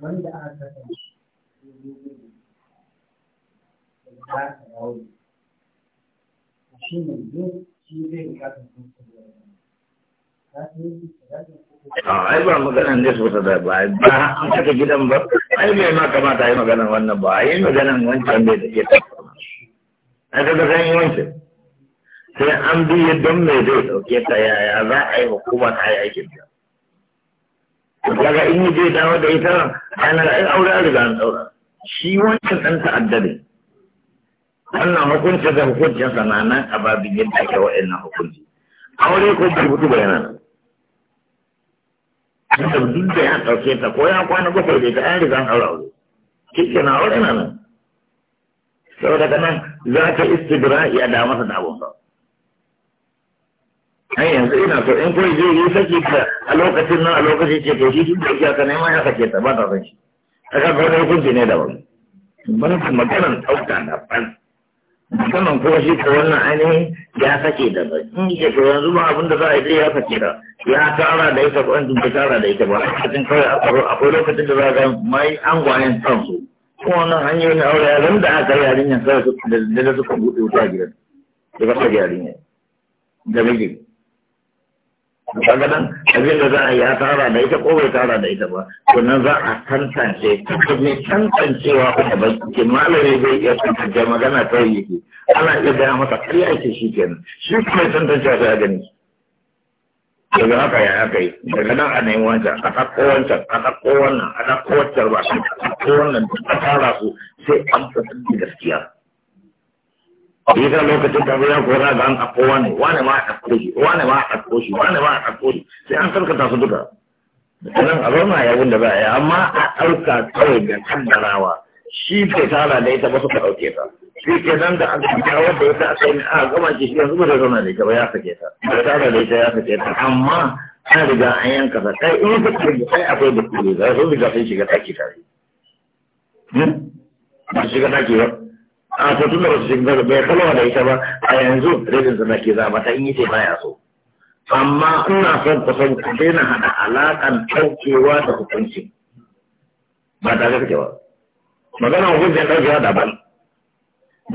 wanda aka kasance shi ba shi zai ah, da ba ba an saka gidan ba mai ma kamata wannan ba bai da wancan sai an don mai zai dauke ta yaya za yi hukuma ta yi aikin ta daga in yi zai dawo da ita ana da ai aure an riga an shi wancan dan ta'adda wannan hukunci da hukuncin nan a babin yadda ake wa'annan hukunci aure ko bai mutu bayanan da duk da ya ɗauke ta ko ya kwana bakwai bai ta an riga an aure aure kike na aure nan saboda ka nan za ka istibira ya da masa da abun ba an yanzu ina so in kai je yi saki ka a lokacin nan a lokacin ce to shi shi da ya ka nema ya sake ta ba ta san shi ta ka wani hukunci ne daban ban maganan ɗauka da ban musamman kuma shi ta wannan ainihin ya sake da ba in yi ke yanzu ba abin da za a yi ya sake da ya tara da ita ko an ta tara da ita ba a cikin kawai a tsaro akwai lokacin da za a ga mai an gwanin kansu kuma wannan hanyoyin aure ya zama da aka yi yarinyar sai da suka buɗe wuta gidan da ba ta yarinyar da miji daga nan abin da za a ya tara da ita ko bai tara da ita ba sannan za a tantance ne tantancewa da ba ke malami zai iya tantance magana ta yi yake ana iya gaya masa karya ake shi kenan shi kuma tantancewa ta a gani daga haka ya haka yi daga nan a nemi wancan a ɗauko wancan a ɗauko wannan a ɗauko wancan ba a ɗauko wannan a tara su sai an fitar gaskiya yasa lokacin da ya kora ga an ɗauko wane wane ma a ɗauko shi wane ma a ɗauko shi wane ma a ɗauko shi sai an karkata su duka sannan a zauna ya wunda ba a yi amma a ɗauka kawai da kaddarawa shi ke tara da ita ba suka ɗauke ta shi ke nan da aka fita wanda ya sa kai a gama shi shi yanzu ba ta zauna da ita ba ya sake ta ba tara da ita ya sake ta amma an riga an yanka ta kai in ta karbi kai akwai da kuri za su riga sun shiga taki tare. Hmm? Ba shiga taki ba. a to da wasu shigar bai kalwa da ita ba a yanzu rabin zana ke za mata in yi ce baya so amma ina son ku san ku daina hada alaƙan ɗaukewa da hukunci ba tare kake ba magana hukuncin ɗaukewa daban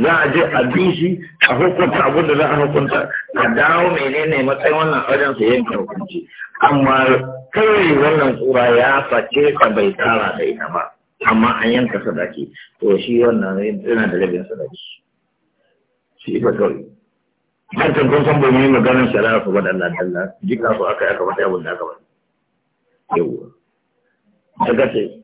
za a je a bi shi a hukunta abin da za a hukunta a dawo menene matsayin wannan wajen su yanke hukunci amma kai wannan tsura ya face ka bai tsara da ita ba amma an yanka sadaki to shi wannan yana da rabin sadaki shi fa kawai har kan kun san bai maganar shari'a ko da Allah dalla jika ko aka aka faɗi abin da aka faɗi yawa daga ce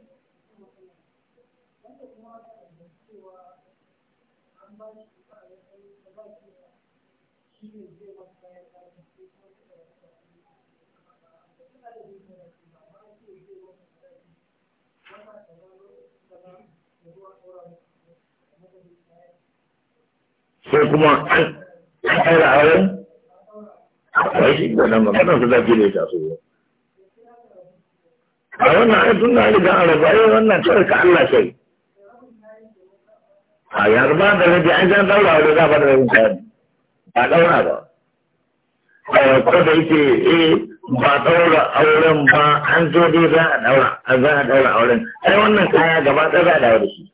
Thank you. ko kuma an ɗaura auren akwai shi da nan magana su zafi da ya taso a wannan ai tun da riga an rabu ai wannan kawai ka Allah sai a yanzu ba da rabi an jan daura auren za ba da rabin kayan ba ɗaura ba ko da yake eh ba daura auren ba an zo dai za a daura, a daura auren sai wannan kaya gaba ɗaya za a daura da shi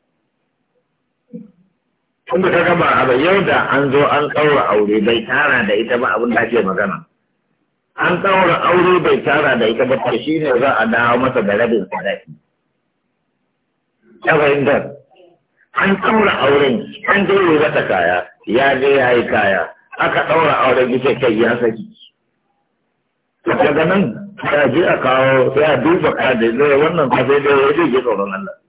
tunda ka gaba abu yau da an zo an ɗaura aure bai tara da ita ba abin da ake magana an ɗaura aure bai tara da ita ba ta shi ne za a dawo masa da rabin sadaki ta fahimtar an ɗaura auren an je yi mata kaya ya je ya yi kaya aka ɗaura auren bisa kai ya saki daga nan ya je a kawo ya duba da zai wannan kafin da ya je tsoron Allah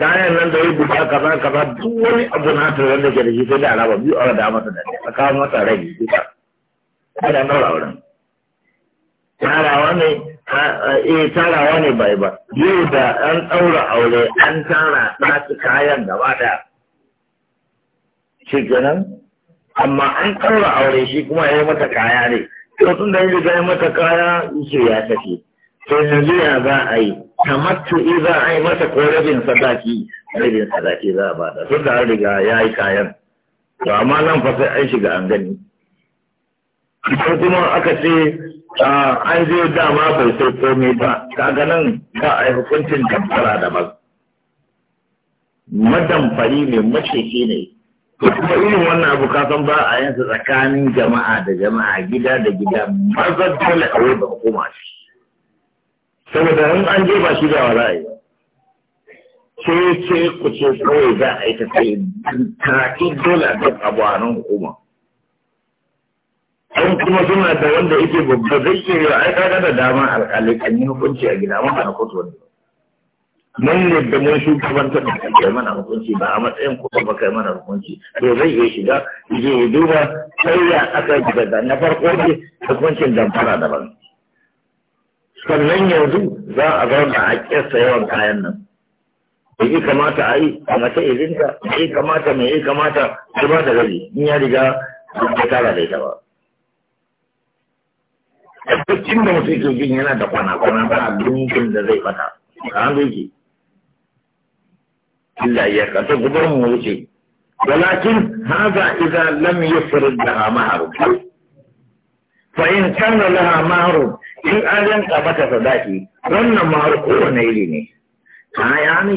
kayan nan da ya guda kaza kaza duk wani abu na ta wanda ke da shi sai da araba biyu a da masa da a kawo masa rage duka ana nawa wurin tarawa ne eh tarawa ne bai ba yau da an ɗaura aure an tara ɗaci kayan gaba da shi kenan amma an ɗaura aure shi kuma ya yi mata kaya ne to tun da yi riga ya mata kaya yake ya tafi sai yanzu ya za a yi tamattu iza ai masa ko rabin sadaki rabin sadaki za a bada tun da riga ya yi kayan to amma nan fa sai an shiga an gani ko kuma aka ce an je dama bai sai komai ba kaga nan ba a yi hukuncin damfara da ba madamfari ne ke ne kuma irin wannan abu ka san ba a yansa tsakanin jama'a da jama'a gida da gida maza dole a wurin hukuma shi saboda in an je ba shi da wa ra'ayi a ce ce ku ce kawai za a yi ta sai dole a duk abu a nan hukuma an kuma suna da wanda yake babba zai iya yi ai kaga da dama alƙalai kan yi hukunci a gida mun hana kotu wani. mun yadda mun shugabantar da kai mana hukunci ba a matsayin kuma ba kai mana hukunci to zai iya shiga zai duba sai ya aka gida na farko ne hukuncin damfara daban sannan yanzu za a da a ƙirsa yawan kayan nan me yi kamata a yi a mace izinta me yi kamata me yi kamata har ba ta gari in ya riga ta tara da ita ba a cikin da mutum ke gini yana da kwana-kwana ba a dunkin da zai fata a hannu yake Allah ya kasa gubar mu wuce walakin haza iza lam yusrid da maharufi fa in kana laha mahru in an yanka mata sadaki wannan mahru kowane iri ne kaya ne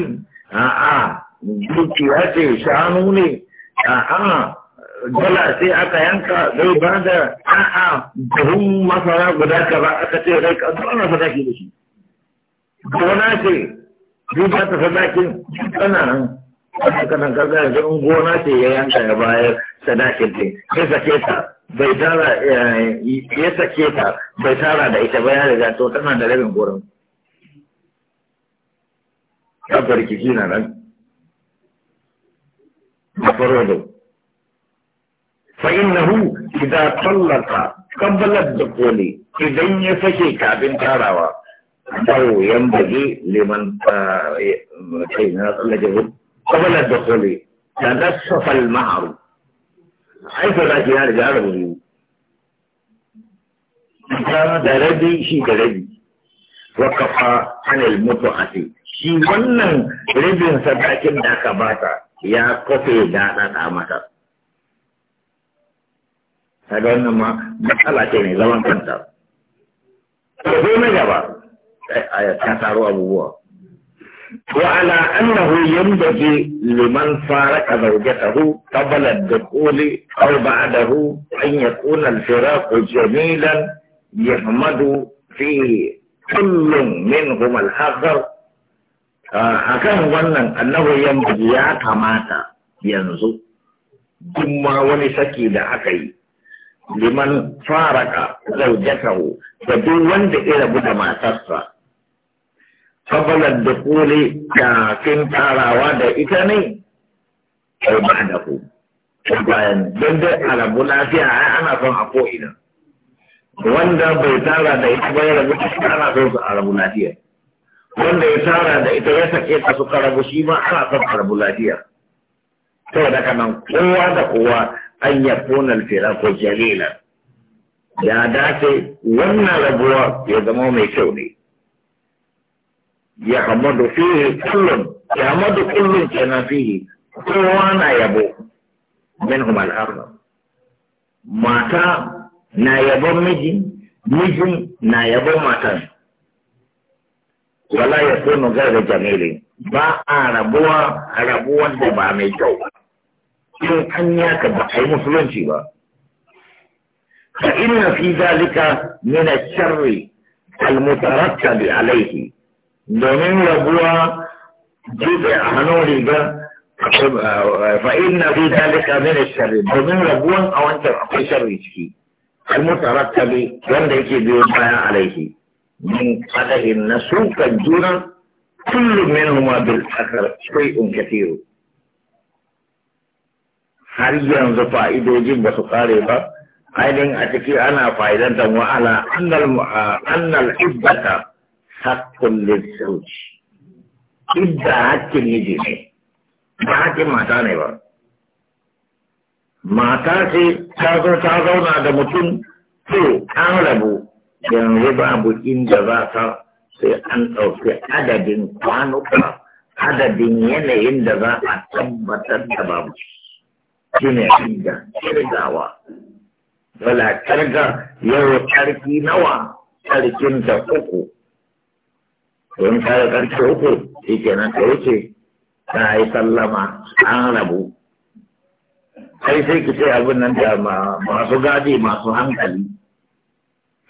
a'a dukiya ce shanu ne a'a dala sai aka yanka zai ba da a'a buhun masara guda ka ba aka ce zai ka dole sadaki da shi gona ce zai ba ta sadaki tana nan kanan kaza yanzu in gona ce ya yanka ya bayar sadakin ce sai sake ta bai tara ya sake ta bai tara da ita ba ya riga to tana da rabin gurin ya rikici na nan mafarodo فإنه إذا طلق قبل الدخول إذا يفشي كابن تاراوا أو ينبغي لمن قبل الدخول تنصف المهر aiko za ya riga rabu biyu da rabi shi da rabi wa mutu a mutu'ati shi wannan rabin sadakin da aka bata ya kofe da ɗaɗa mata kaga wannan ma matsala ce mai zaman kanta ko na gaba ta taro abubuwa Wa'ala ala annahu yambaji liman faraka zawjatahu qabla dukhuli aw ba'dahu an yakuna al-firaq jamilan yahmadu fi kullin min huma al-hazar hakan wannan annahu yambaji ya kamata yanzu kuma wani saki da aka yi liman faraka zawjatahu da duk wanda ya rubuta matarsa kafalar da da kafin tarawa da ita ne Kai ba da ku bayan don dai a rabu lafiya ai ana son a ko'ina wanda bai tara da ita bai rabu ana son su a rabu lafiya wanda ya tara da ita ya sake ta su karabu shi ma ana son a rabu lafiya saboda da nan kowa da kowa an yakuna ko jalila ya dace wannan rabuwa ya zama mai kyau ne ya hamadu fihe kullum ya hamadu kullum ke na fihe kowa na yabo min humar harba mata na yabon miji miji na yabo mata wala ya kuno gaza jamili ba a rabuwa a rabuwan da ba mai kyau in an ya ka ba a yi musulunci ba fa inna fi zalika min ash-sharri al-mutarattabi alayhi domin rabuwa dutse a hannun riga fa'in na fi dalika mini shari. domin rabuwan a wancan akwai shari ciki almutarattabi wanda yake biyo bayan alaihi min qadahin na sukan juna kullum minhuma bil akar shay'un kathiru har yanzu fa'idojin ba su kare ba ainihin a ciki ana fa'idantar wa'ala annal annal ibbata hakkun lissauci duk da hakkin miji ne ba hakkin mata ba mata ce ta zo ta zauna da mutum to an rabu yanzu babu inda za ta sai an ɗauki adadin kwanuka adadin yanayin da za a tabbatar da babu shi ne inda kirgawa wala karga yau karki nawa karkin da uku don ka yi uku shi kenan ka wuce ta yi sallama an rabu sai sai ki ce abin nan da masu gadi masu hankali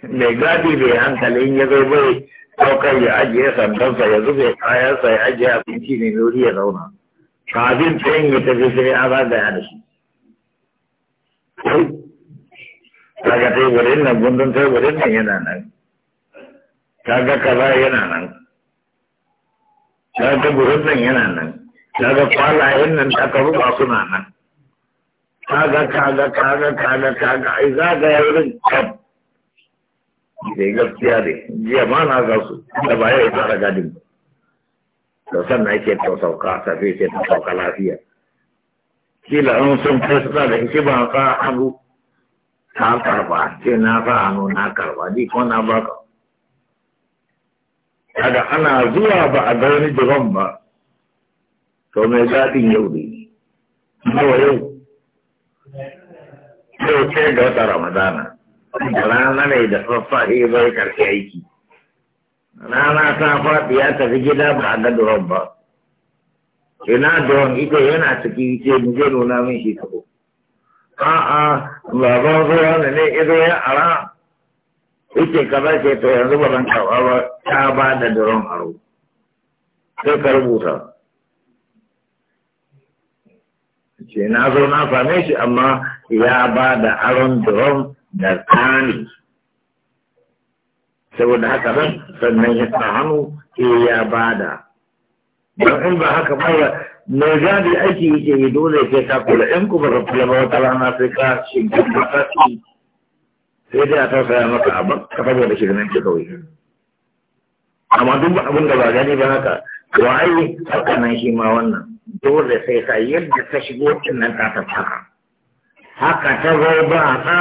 mai gadi mai hankali in ya zai bai ɗaukar ya ajiye sandansa ya zube kayansa ya ajiye abinci ne wuri ya zauna kafin tsayin ya tafi sai an zagaya da shi kaga teburin nan gundun teburin nan yana nan kaga kaza yana nan kaga gurin nan yana nan kaga kwalayen nan da aka ruba suna nan kaga kaga kaga kaga kaga ai za ga yarin kaf dai gaskiya ne, jiya ma na ga su da ba ya fara gadin da sannan yake ta sauka tafi ce ta sauka lafiya kila an sun fesa da shi ba ka hannu ta karba ce na sa hannu na karba ni ko na baka kaga ana zuwa ba a ga wani diron ba to mai daɗin yau ne nawa yau yau ce ga wata ramadana rana ne da sassafe zai karshe aiki rana ta faɗi ya tafi gida ba a ga Duron ba ina diron ita yana cikin ce mu je nuna min shi tako a'a baban zuwa ne ido ya ara yake kaza ke to yanzu ba zan kawo ba ta ba da duron aro sai ka rubuta ce na zo na same shi amma ya ba da aron duron da tsani saboda haka nan sannan ya sa hannu ke ya ba da don in ba haka ba na gadi aiki yake yi dole sai ka kula in ku ba kula ba wata rana sai ka shiga da sai dai a tausaya maka a ban ka da shirmen ke kawai amma duk abin da ba gani ba haka wa'ayi hakanan shi ma wannan dole sai ka yadda ta shigo cin nan ta tafi haka ta zo ba ta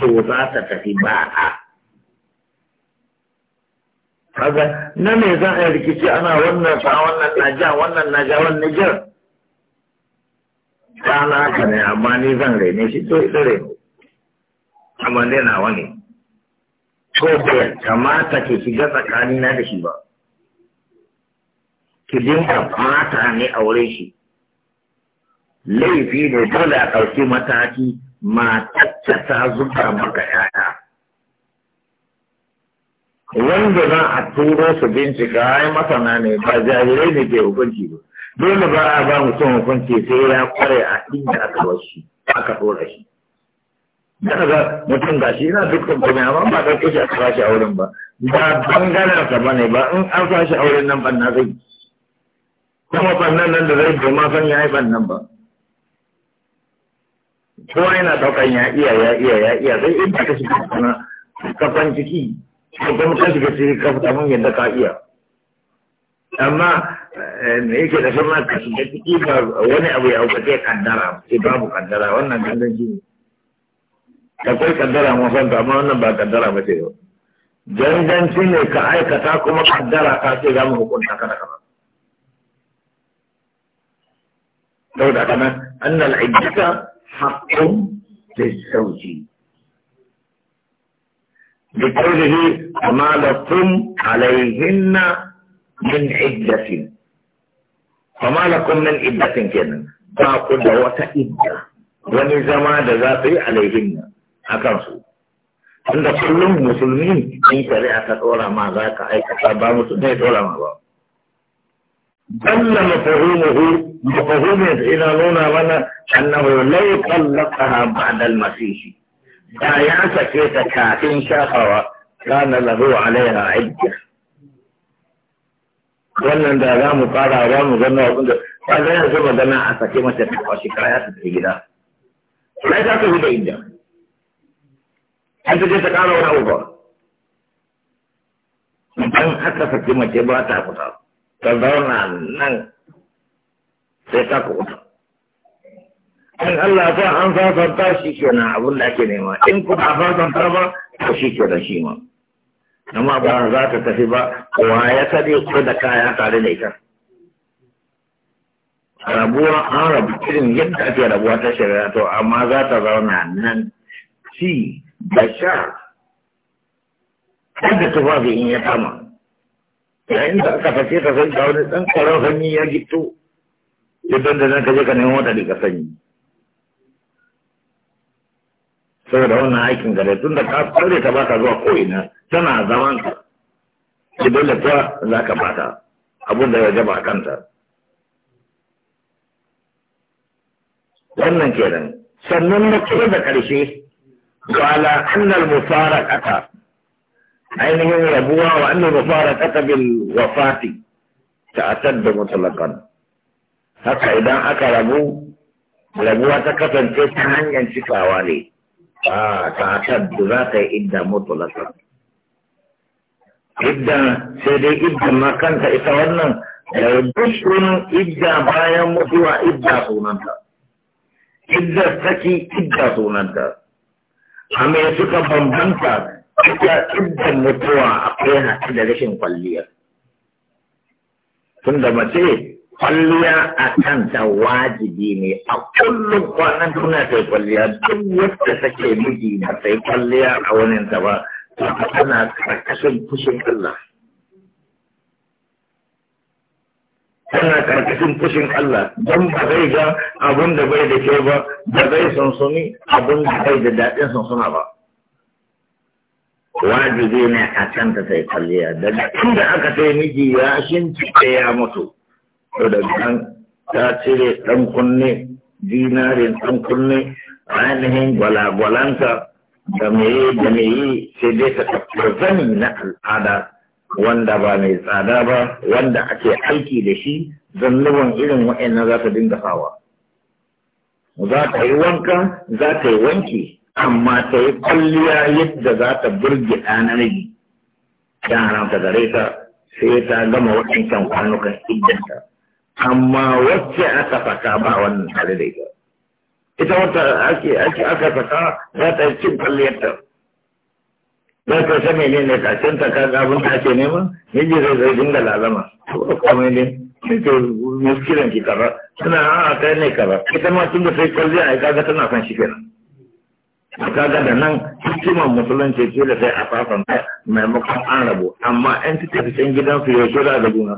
to za ta tafi ba a kaga na me za a rikici ana wannan fa wannan na ja wannan na ja wannan jar kana ka ne amma ni zan raine shi to ita raine amma dai nawa ne to bai kamata ke shiga tsakanina da shi ba ki dinga mata ne a wurin shi laifi ne dole a ɗauki mataki matacce ta zuba maka ‘ya'ya. Wanda za a turo su bincika ai masana ne ba jarirai ne ke hukunci ba. Dole ba a ba mutum hukunci sai ya kware a inda aka shi, aka ɗora shi. daga mutum gashi yana dukkan kuma amma ba ka kashe aka fashi auren ba ba bangaren sa bane ba in an fashi auren nan ban na zai kuma bannan nan da zai ma san ya yi bannan ba kowa yana daukan ya iya ya iya ya iya sai in ba ka shiga kana kafan ciki ko kuma ka shiga ciki ka fita mun yadda ka iya amma eh, me yake da shi ma ka shiga ciki ba wani abu ya aukace kaddara sai babu kaddara wannan gangan shi ne ka kai kaddara mun amma wannan ba kaddara ba ce ba janjanci ne ka aikata kuma kaddara ka ce za mu hukunta ka da kaza da haka a annal iddata haqqun lisawji بقوله ما لكم عليهن من عدة فما لكم من عدة كنا فأقول له وتعدة ونزما ذاتي عليهن akan su tunda kullum musulmi in shari'a ta dora ma za ka aikata ba mutum ne dora ma ba dalla mafahumuhu da ina nuna mana annahu lai tallaqaha ba'da al-masih da ya sake ta kafin shafawa kana lahu alaiha ajja wannan da za mu fara za mu gano abin da ba ya zama dana a sake mata ta kwashi kaya ta gida sai ta tafi da idda an ta je ta kara wani abu ba idan aka saki mace ba ta kusa ta zauna nan sai ta kusa in Allah ta an sasanta shi ke kenan abin da ake nema in kuma a sasanta ba to shi ke da shi ma amma ba za ta tafi ba wa ya sani ko da kaya tare da ita rabuwa an rabu irin yadda ake rabuwa ta shirya to amma za ta zauna nan ci gasha sha da tufafi in ya kama yayin da aka fashe ka san ga wani ɗan ƙwaron sanyi ya gito idan da zan ka je ka nemo wata da ka sanyi saboda wannan aikin gare tun da ka tsare ta baka zuwa ko'ina tana zaman ka ki da ta za ka bata abin da ya jaba a kanta wannan kenan sannan na kira da ƙarshe وعلى أن المفارقة ainihin rabuwa wa annan mafara katabil wafati ta'atar da mutlakan haka idan aka rabu rabuwa ta kasance ta hanyar cikawa ne a ta'atar za ta idda mutlakan idda sai dai idda ma kanta ita wannan da dukkan idda bayan mutuwa idda sunanta idda saki idda sunanta a suka bambanta ita inda mutuwa akwai haɗe da rashin kwalliya tunda mace kwalliya a kanta wajibi ne a kullum kwanan tuna sai kwalliya duk wanda take miji na sai kwalliya a wani ta ba tana karkashin fushin Allah tana karkashin fushin Allah don ba zai ga abin da bai da ke ba ba zai sansuni abin da bai da daɗin sansona ba. Wajibi ne a can ta sai kalliya daga inda aka sai miji ya shimfiɗe ya mutu. To da ta cire ɗan kunne, dinarin ɗan kunne, ainihin gwalagwalanta da mai da mai sai dai ta tafi na al'ada wanda ba mai tsada ba wanda ake aiki da shi zannuban irin wa'annan za ta dinga hawa za ta yi wanka za ta yi wanki amma ta yi kwalliya yadda za ta burge ɗanar yi don haramta gare ta sai ta gama waɗancan kwanukan iddanta amma wacce aka faka ba wannan tare da ita ita wata ake aka faka za ta yi cin ta. Zai ka san ne ne ka san ta kaga abin da ba nema ji zai zai dinga lalama to kuma ne kike muskilan ki kaza suna a kai ne kaza ita ma tun da sai kalli ai kaga tana kan shi kenan kaga da nan hikimar musulunci ce da sai a fafan maimakon an rabu amma yan ta tafi can gidan su yaushe za da guna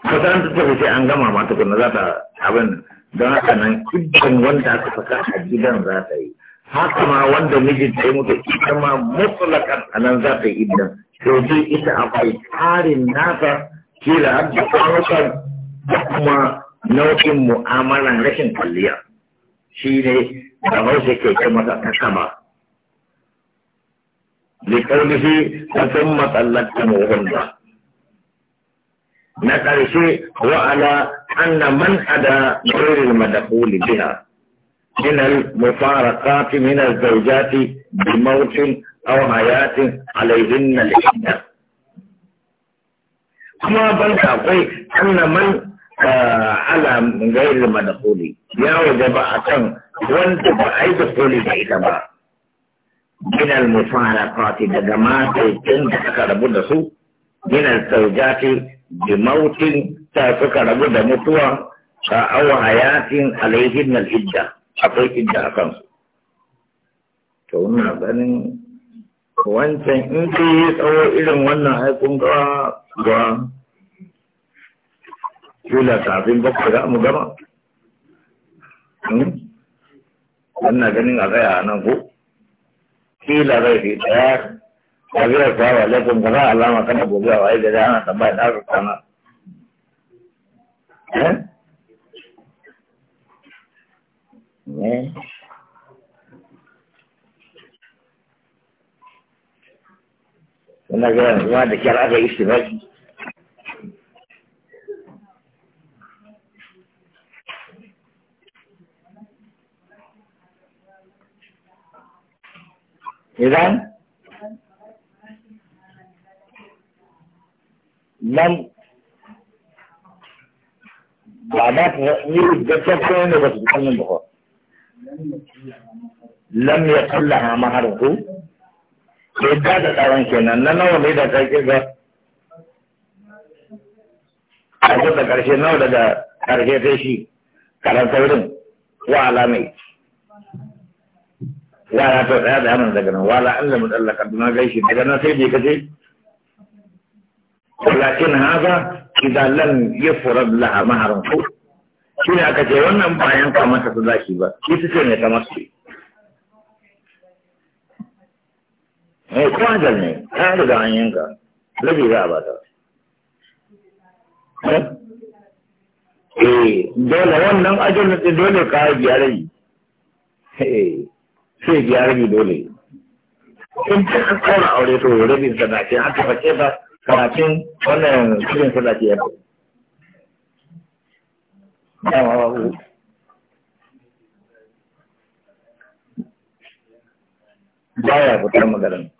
kusa an ta tafi sai an gama ma tukuna za ta abin don haka nan idan wanda aka saka a gidan za ta yi haka ma wanda mijin ta yi mutu ita ma mutsulakan a nan za ta yi idan sai ita akwai tsarin nasa kila har da kwanukan da kuma nau'in mu'amalan rashin kwalliya shi ne da hausa ke ce masa ta kama da karfi ta san matsalatan wanda na ƙarshe wa'ala anna na man'ada ghairil madkhuli biha من المفارقات من الزوجات بموت أو حياة عليهن الإحدى kuma ban akwai annaman ala gairi madakuli ya waje ba a can wanda ba a yi da dakuli da ita ba Ginal minal mufaraqati daga matakin da suka rabu da su ginal saujati bi mautin ta suka rabu da mutuwa ka aw hayatin alaihin al idda akwai inda a kansu to wannan ganin wancan in ka yi tsawo irin wannan haikun gawa ga kula kafin bakwai za mu gama wannan hmm? ganin a tsaya a nan ko kila zai fi tsaya a biyar kwawa laifin ba alama kana gobe a waye da ana tambaya na rukana eh ne Ina da kyar aka yi Idan? Nan ba na ta yi gaskiyar ne ba su ba. lam ya kalla kallaha mahar ko sai da da tsaron kenan na nawa ne da karke ga a da karshe nawa daga karshe sai shi karanta wurin wa alamai yara ta tsaya da hannun daga nan wala an lamu tsallaka duna gaishe daga nan sai bai kace walakin haza idan lam yafrad laha maharun ku. shi ne aka ce wannan bayan kamata su zaki ba shi su ce mai kamar su mai eh, kwajar ne ta riga an yanka rabi za a bata eh? eh dole wannan ajin na dole ka yi biya rabi eh, sai biya rabi dole in ta an tsara aure to rabin sadace haka ba ce ba karatun wannan shirin sadace ya fi dama babu baya fitar magaran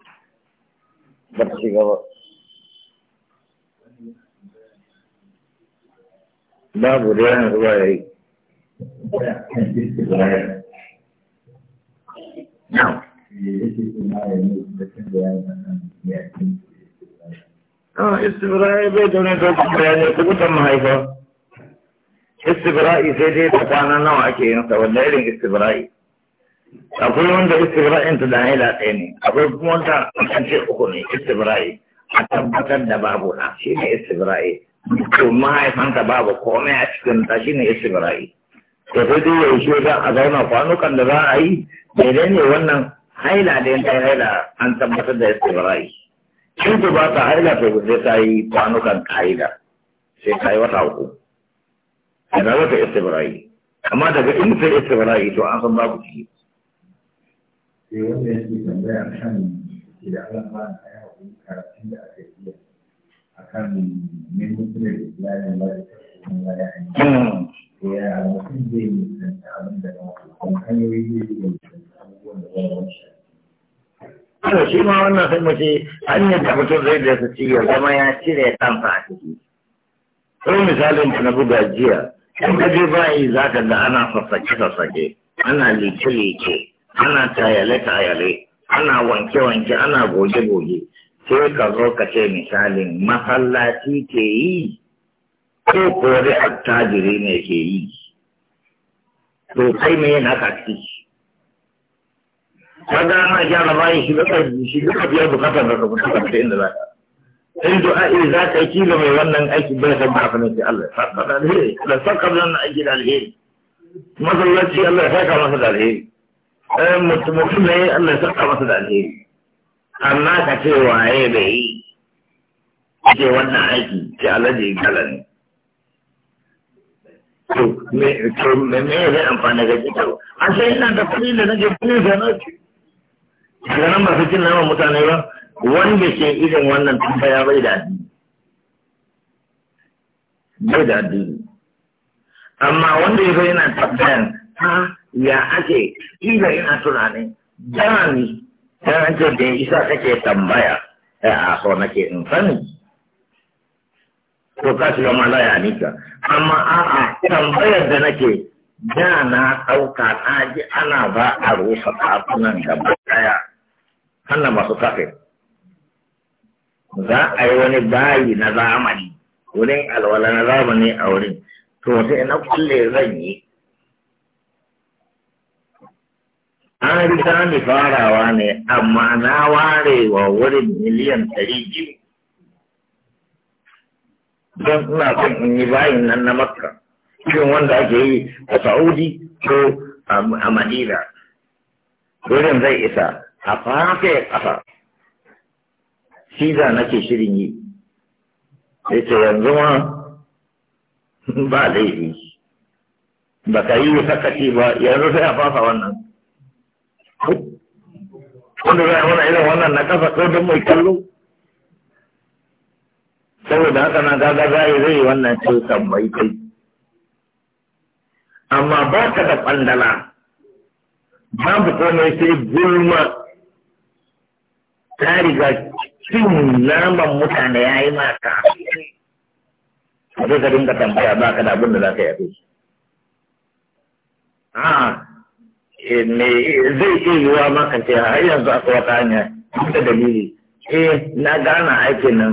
ba ta shiga ba babu da yana zuwa ya yi Ah, istibrai bai da wani dokin bayani, kubutan mahaifa. istibra'i sai dai ta kwana nawa ake yin sa wanda irin istibra'i akwai wanda istibra'in ta da haila ɗaya ne akwai kuma wanda an ce uku ne istibra'i a tabbatar da babu na shi ne istibra'i to mahaifanka babu komai a cikin ta shi ne istibra'i to sai dai ya yaushe za a zauna kwanukan da za a yi daidai ne wannan haila da yin ta haila an tabbatar da istibra'i in ta ba ta haila to sai ta yi kwanukan ta haila sai ta yi wata uku da za istibra'i amma daga in ta istibra'i to an san babu ciki sai eh, wanda ya haƙuri karatun a da ya zai yi Ana shi ma wannan sai mace hanyar da mutum zai da su ci zama ya cire kansa a ciki. Sai misalin na buga jiya in ka je bayi za ka ga ana sassake-sassake ana leke-leke ana tayale-tayale ana wanke-wanke ana goge-goge sai ka zo ka ce misalin masallaci ke yi ko kore attajiri ne ke yi to kai me yana ka ci kaga ana gyara bayi shi duka biyar bukatar da ka kamta inda za ka in du'a'i za ka yi kila mai wannan aiki bai san ba ka nake Allah saka da alheri da saka da aiki da alheri masallaci Allah ya saka masa da alheri eh mutum ne Allah ya saka masa da alheri amma ka ce waye bai yi wannan aiki ce alaji kala to me to me me zai amfana ga kita a sai ina da kuɗi da nake kuɗi da nake daga ba su cin nama mutane ba wanda ke irin wannan tambaya bai da addini bai da addini amma wanda ya yana tambayan ha ya ake ila na tunanin dara ne dan ce da isa kake tambaya eh, a aso nake in sani to ka shiga malaya nika amma a'a tambayar da nake da na ɗauka na ji ana ba a rusa kafunan gaba ɗaya hannun masu kafin za a yi wani bayi na zamani wurin alwala na zamani a wurin to sai na kulle zan yi an riga ni farawa ne amma na ware wa wurin miliyan ɗari biyu don ina son in yi bayin nan na makka irin wanda ake yi a saudi ko a madina wurin zai isa a fafe ƙasa Siza nake shirin yi. Sai ce yanzu ma ba laifi. Ba ka yi ce ba, yanzu sai a fasa wannan. Wanda za a mana irin wannan na kasa ko don mai kallo. Saboda haka na gaga zai zai wannan ce mai kai. Amma ba ka da ƙwandala. babu komai sai gulma ta riga cin naman mutane ya yi maka a zai ka dinga tambaya ba ka da abin da za ka yafe a ah, eh, me eh, zai iya yiwa maka ce har yanzu a wata hanya da dalili eh na gana aikin nan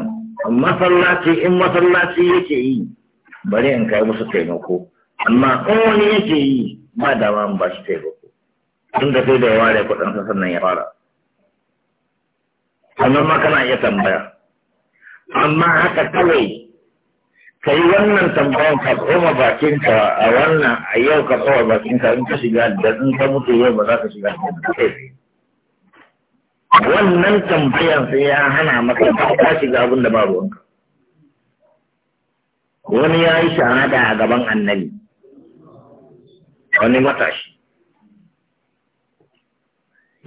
masallaci in masallaci yake yi bari in kai musu taimako amma in wani yake yi ba dama in ba shi taimako tun da sai da ya ware kuɗin sannan ya fara sannan ma kana iya tambaya amma haka kawai ka yi wannan tambayan ka koma bakinka a wannan a yau ka tsoma bakinka in ka shiga da in ka mutu yau ba za ka shiga da kai wannan tambayan sai ya hana maka ka shiga abin da ba ruwanka wani ya yi shahada a gaban annabi wani matashi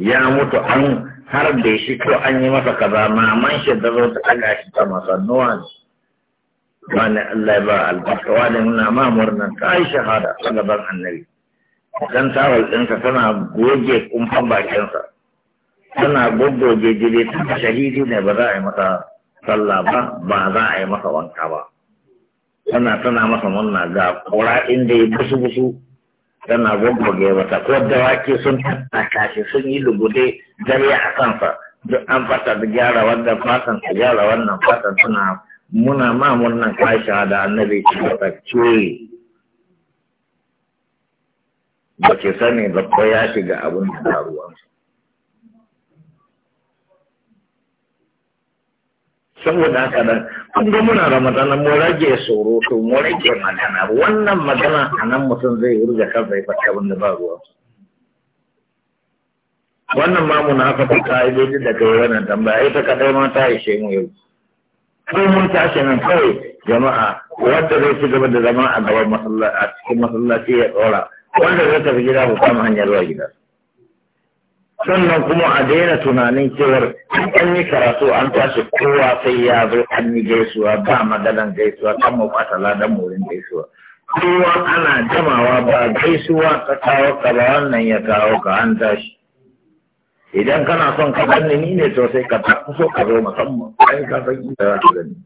ya mutu an har da shi ko an yi masa kaza man shi da zo ta ɗaga shi ta masa nuwa ne wani Allah ya ba albarka wani muna ma murnan ta yi shahada a gaban annabi dan tawal ɗinsa tana goge kumfan bakinsa tana goggoge jire ta shahidi ne ba za a yi masa sallah ba ba za a yi masa wanka ba tana tana masa murna ga kura inda ya busu busu yana gwaggwage mata ko dawaki sun tattaka shi sun yi lugude dare a kansa duk an fata da gyara wannan fatan su gyara wannan fatan suna muna ma murnan kwashewa da annabi ce ta ce ba ke sani ba ko ya shiga abin da ruwansa saboda haka kun ga muna da magana mu rage to mu rage magana wannan magana a nan mutum zai wurga kansa ya fata wanda ba ruwa wannan ma muna haka ta ka'idoji da kai wannan tambaya ita kadai ma ta ishe mu yau ko mun tashi nan kawai jama'a wanda zai ci gaba da zama a gaban masallaci a cikin masallaci ya tsora wanda zai tafi gida mu kama hanyar zuwa gida sannan kuma a daina tunanin cewar an yi karatu an tashi kowa sai ya zo an yi gaisuwa ba maganan gaisuwa kan mu fata ladan murin gaisuwa kowa ana jamawa ba gaisuwa ta kawo ka ba wannan ya kawo ka an tashi idan kana son ka ganni ni ne to sai ka so ka zo musamman kai ka san inda za ka gani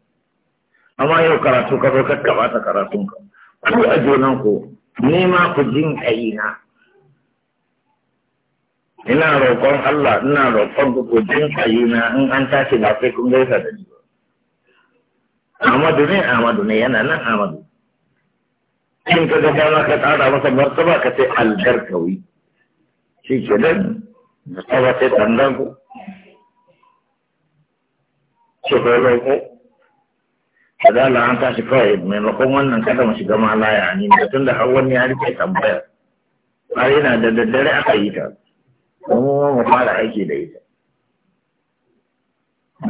amma yau karatu ka zo ka ta karatun ka ku a jonan ku nema ku jin ayina ina roƙon Allah ina roƙon gudun ayyuna in an tashi ba sai kun gaisa da ni Amadu ne Amadu ne yana nan Amadu in ka ga dama ka tsara masa martaba ka ce kawai shi ke nan martaba sai tandan ku ce ko bai da adala an tashi kawai maimakon wannan kada mu shiga malaya ni da tun da har wani ya rike tambaya ba yana da daddare aka yi ta kuma mu fara aiki da ita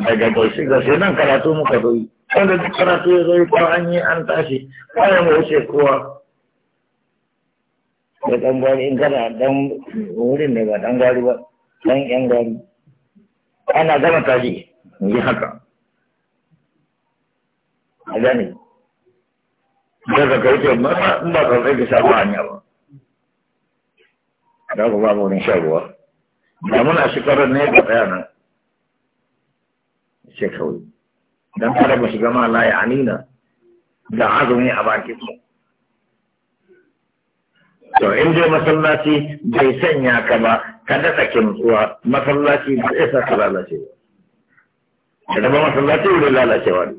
daga ga sai nan karatu muka zo wanda duk karatu ya zo yi kuma an yi an tashi kawai mu wuce kowa da dan gwari in kana dan wurin ne ba dan gwari ba ɗan yan gwari ana gama tashi mu yi haka a gane daga kauce ma in ba kauce ka sha ba hanya ba da ku ba wurin shan ruwa da muna shekarar ne ga tsaya nan ce kawai don kada mu shiga ma la anina da azumi a bakin su to in dai masallaci bai sanya ka ba ka daɗa kimtsuwa masallaci ba zai sa ka lalace ba da ba masallaci bai wurin lalacewa ne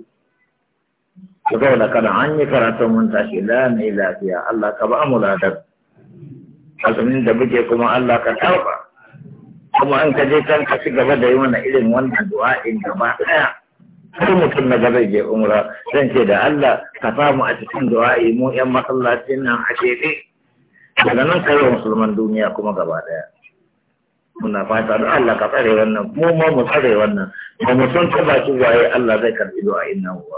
to da kada an yi karatun mun tashi la mai lafiya Allah ka ba mu ladar azumin da muke kuma Allah ka tauba kuma an ka je kan ka ci gaba da yi mana irin wannan du'a'in gaba daya Kuma mutum na gaba je umra zan ce da Allah ka samu a cikin du'a'i mu yan masallacin nan a shebe daga nan kai musulman duniya kuma gaba daya muna fata da Allah ka tsare wannan mu ma mu tsare wannan ba mu san ta ba shi waye Allah zai karbi du'a'in nan ba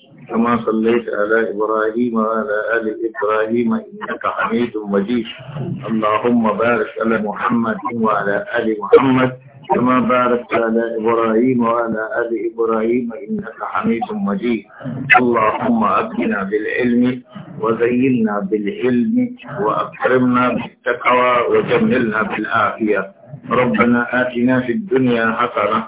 كما صليت على إبراهيم وعلى آل إبراهيم إنك حميد مجيد اللهم بارك على محمد وعلى آل محمد كما باركت على إبراهيم وعلى آل إبراهيم إنك حميد مجيد اللهم أكرمنا بالعلم وزينا بالعلم وأكرمنا بالتقوى وجملنا بالعافية ربنا آتنا في الدنيا حسنة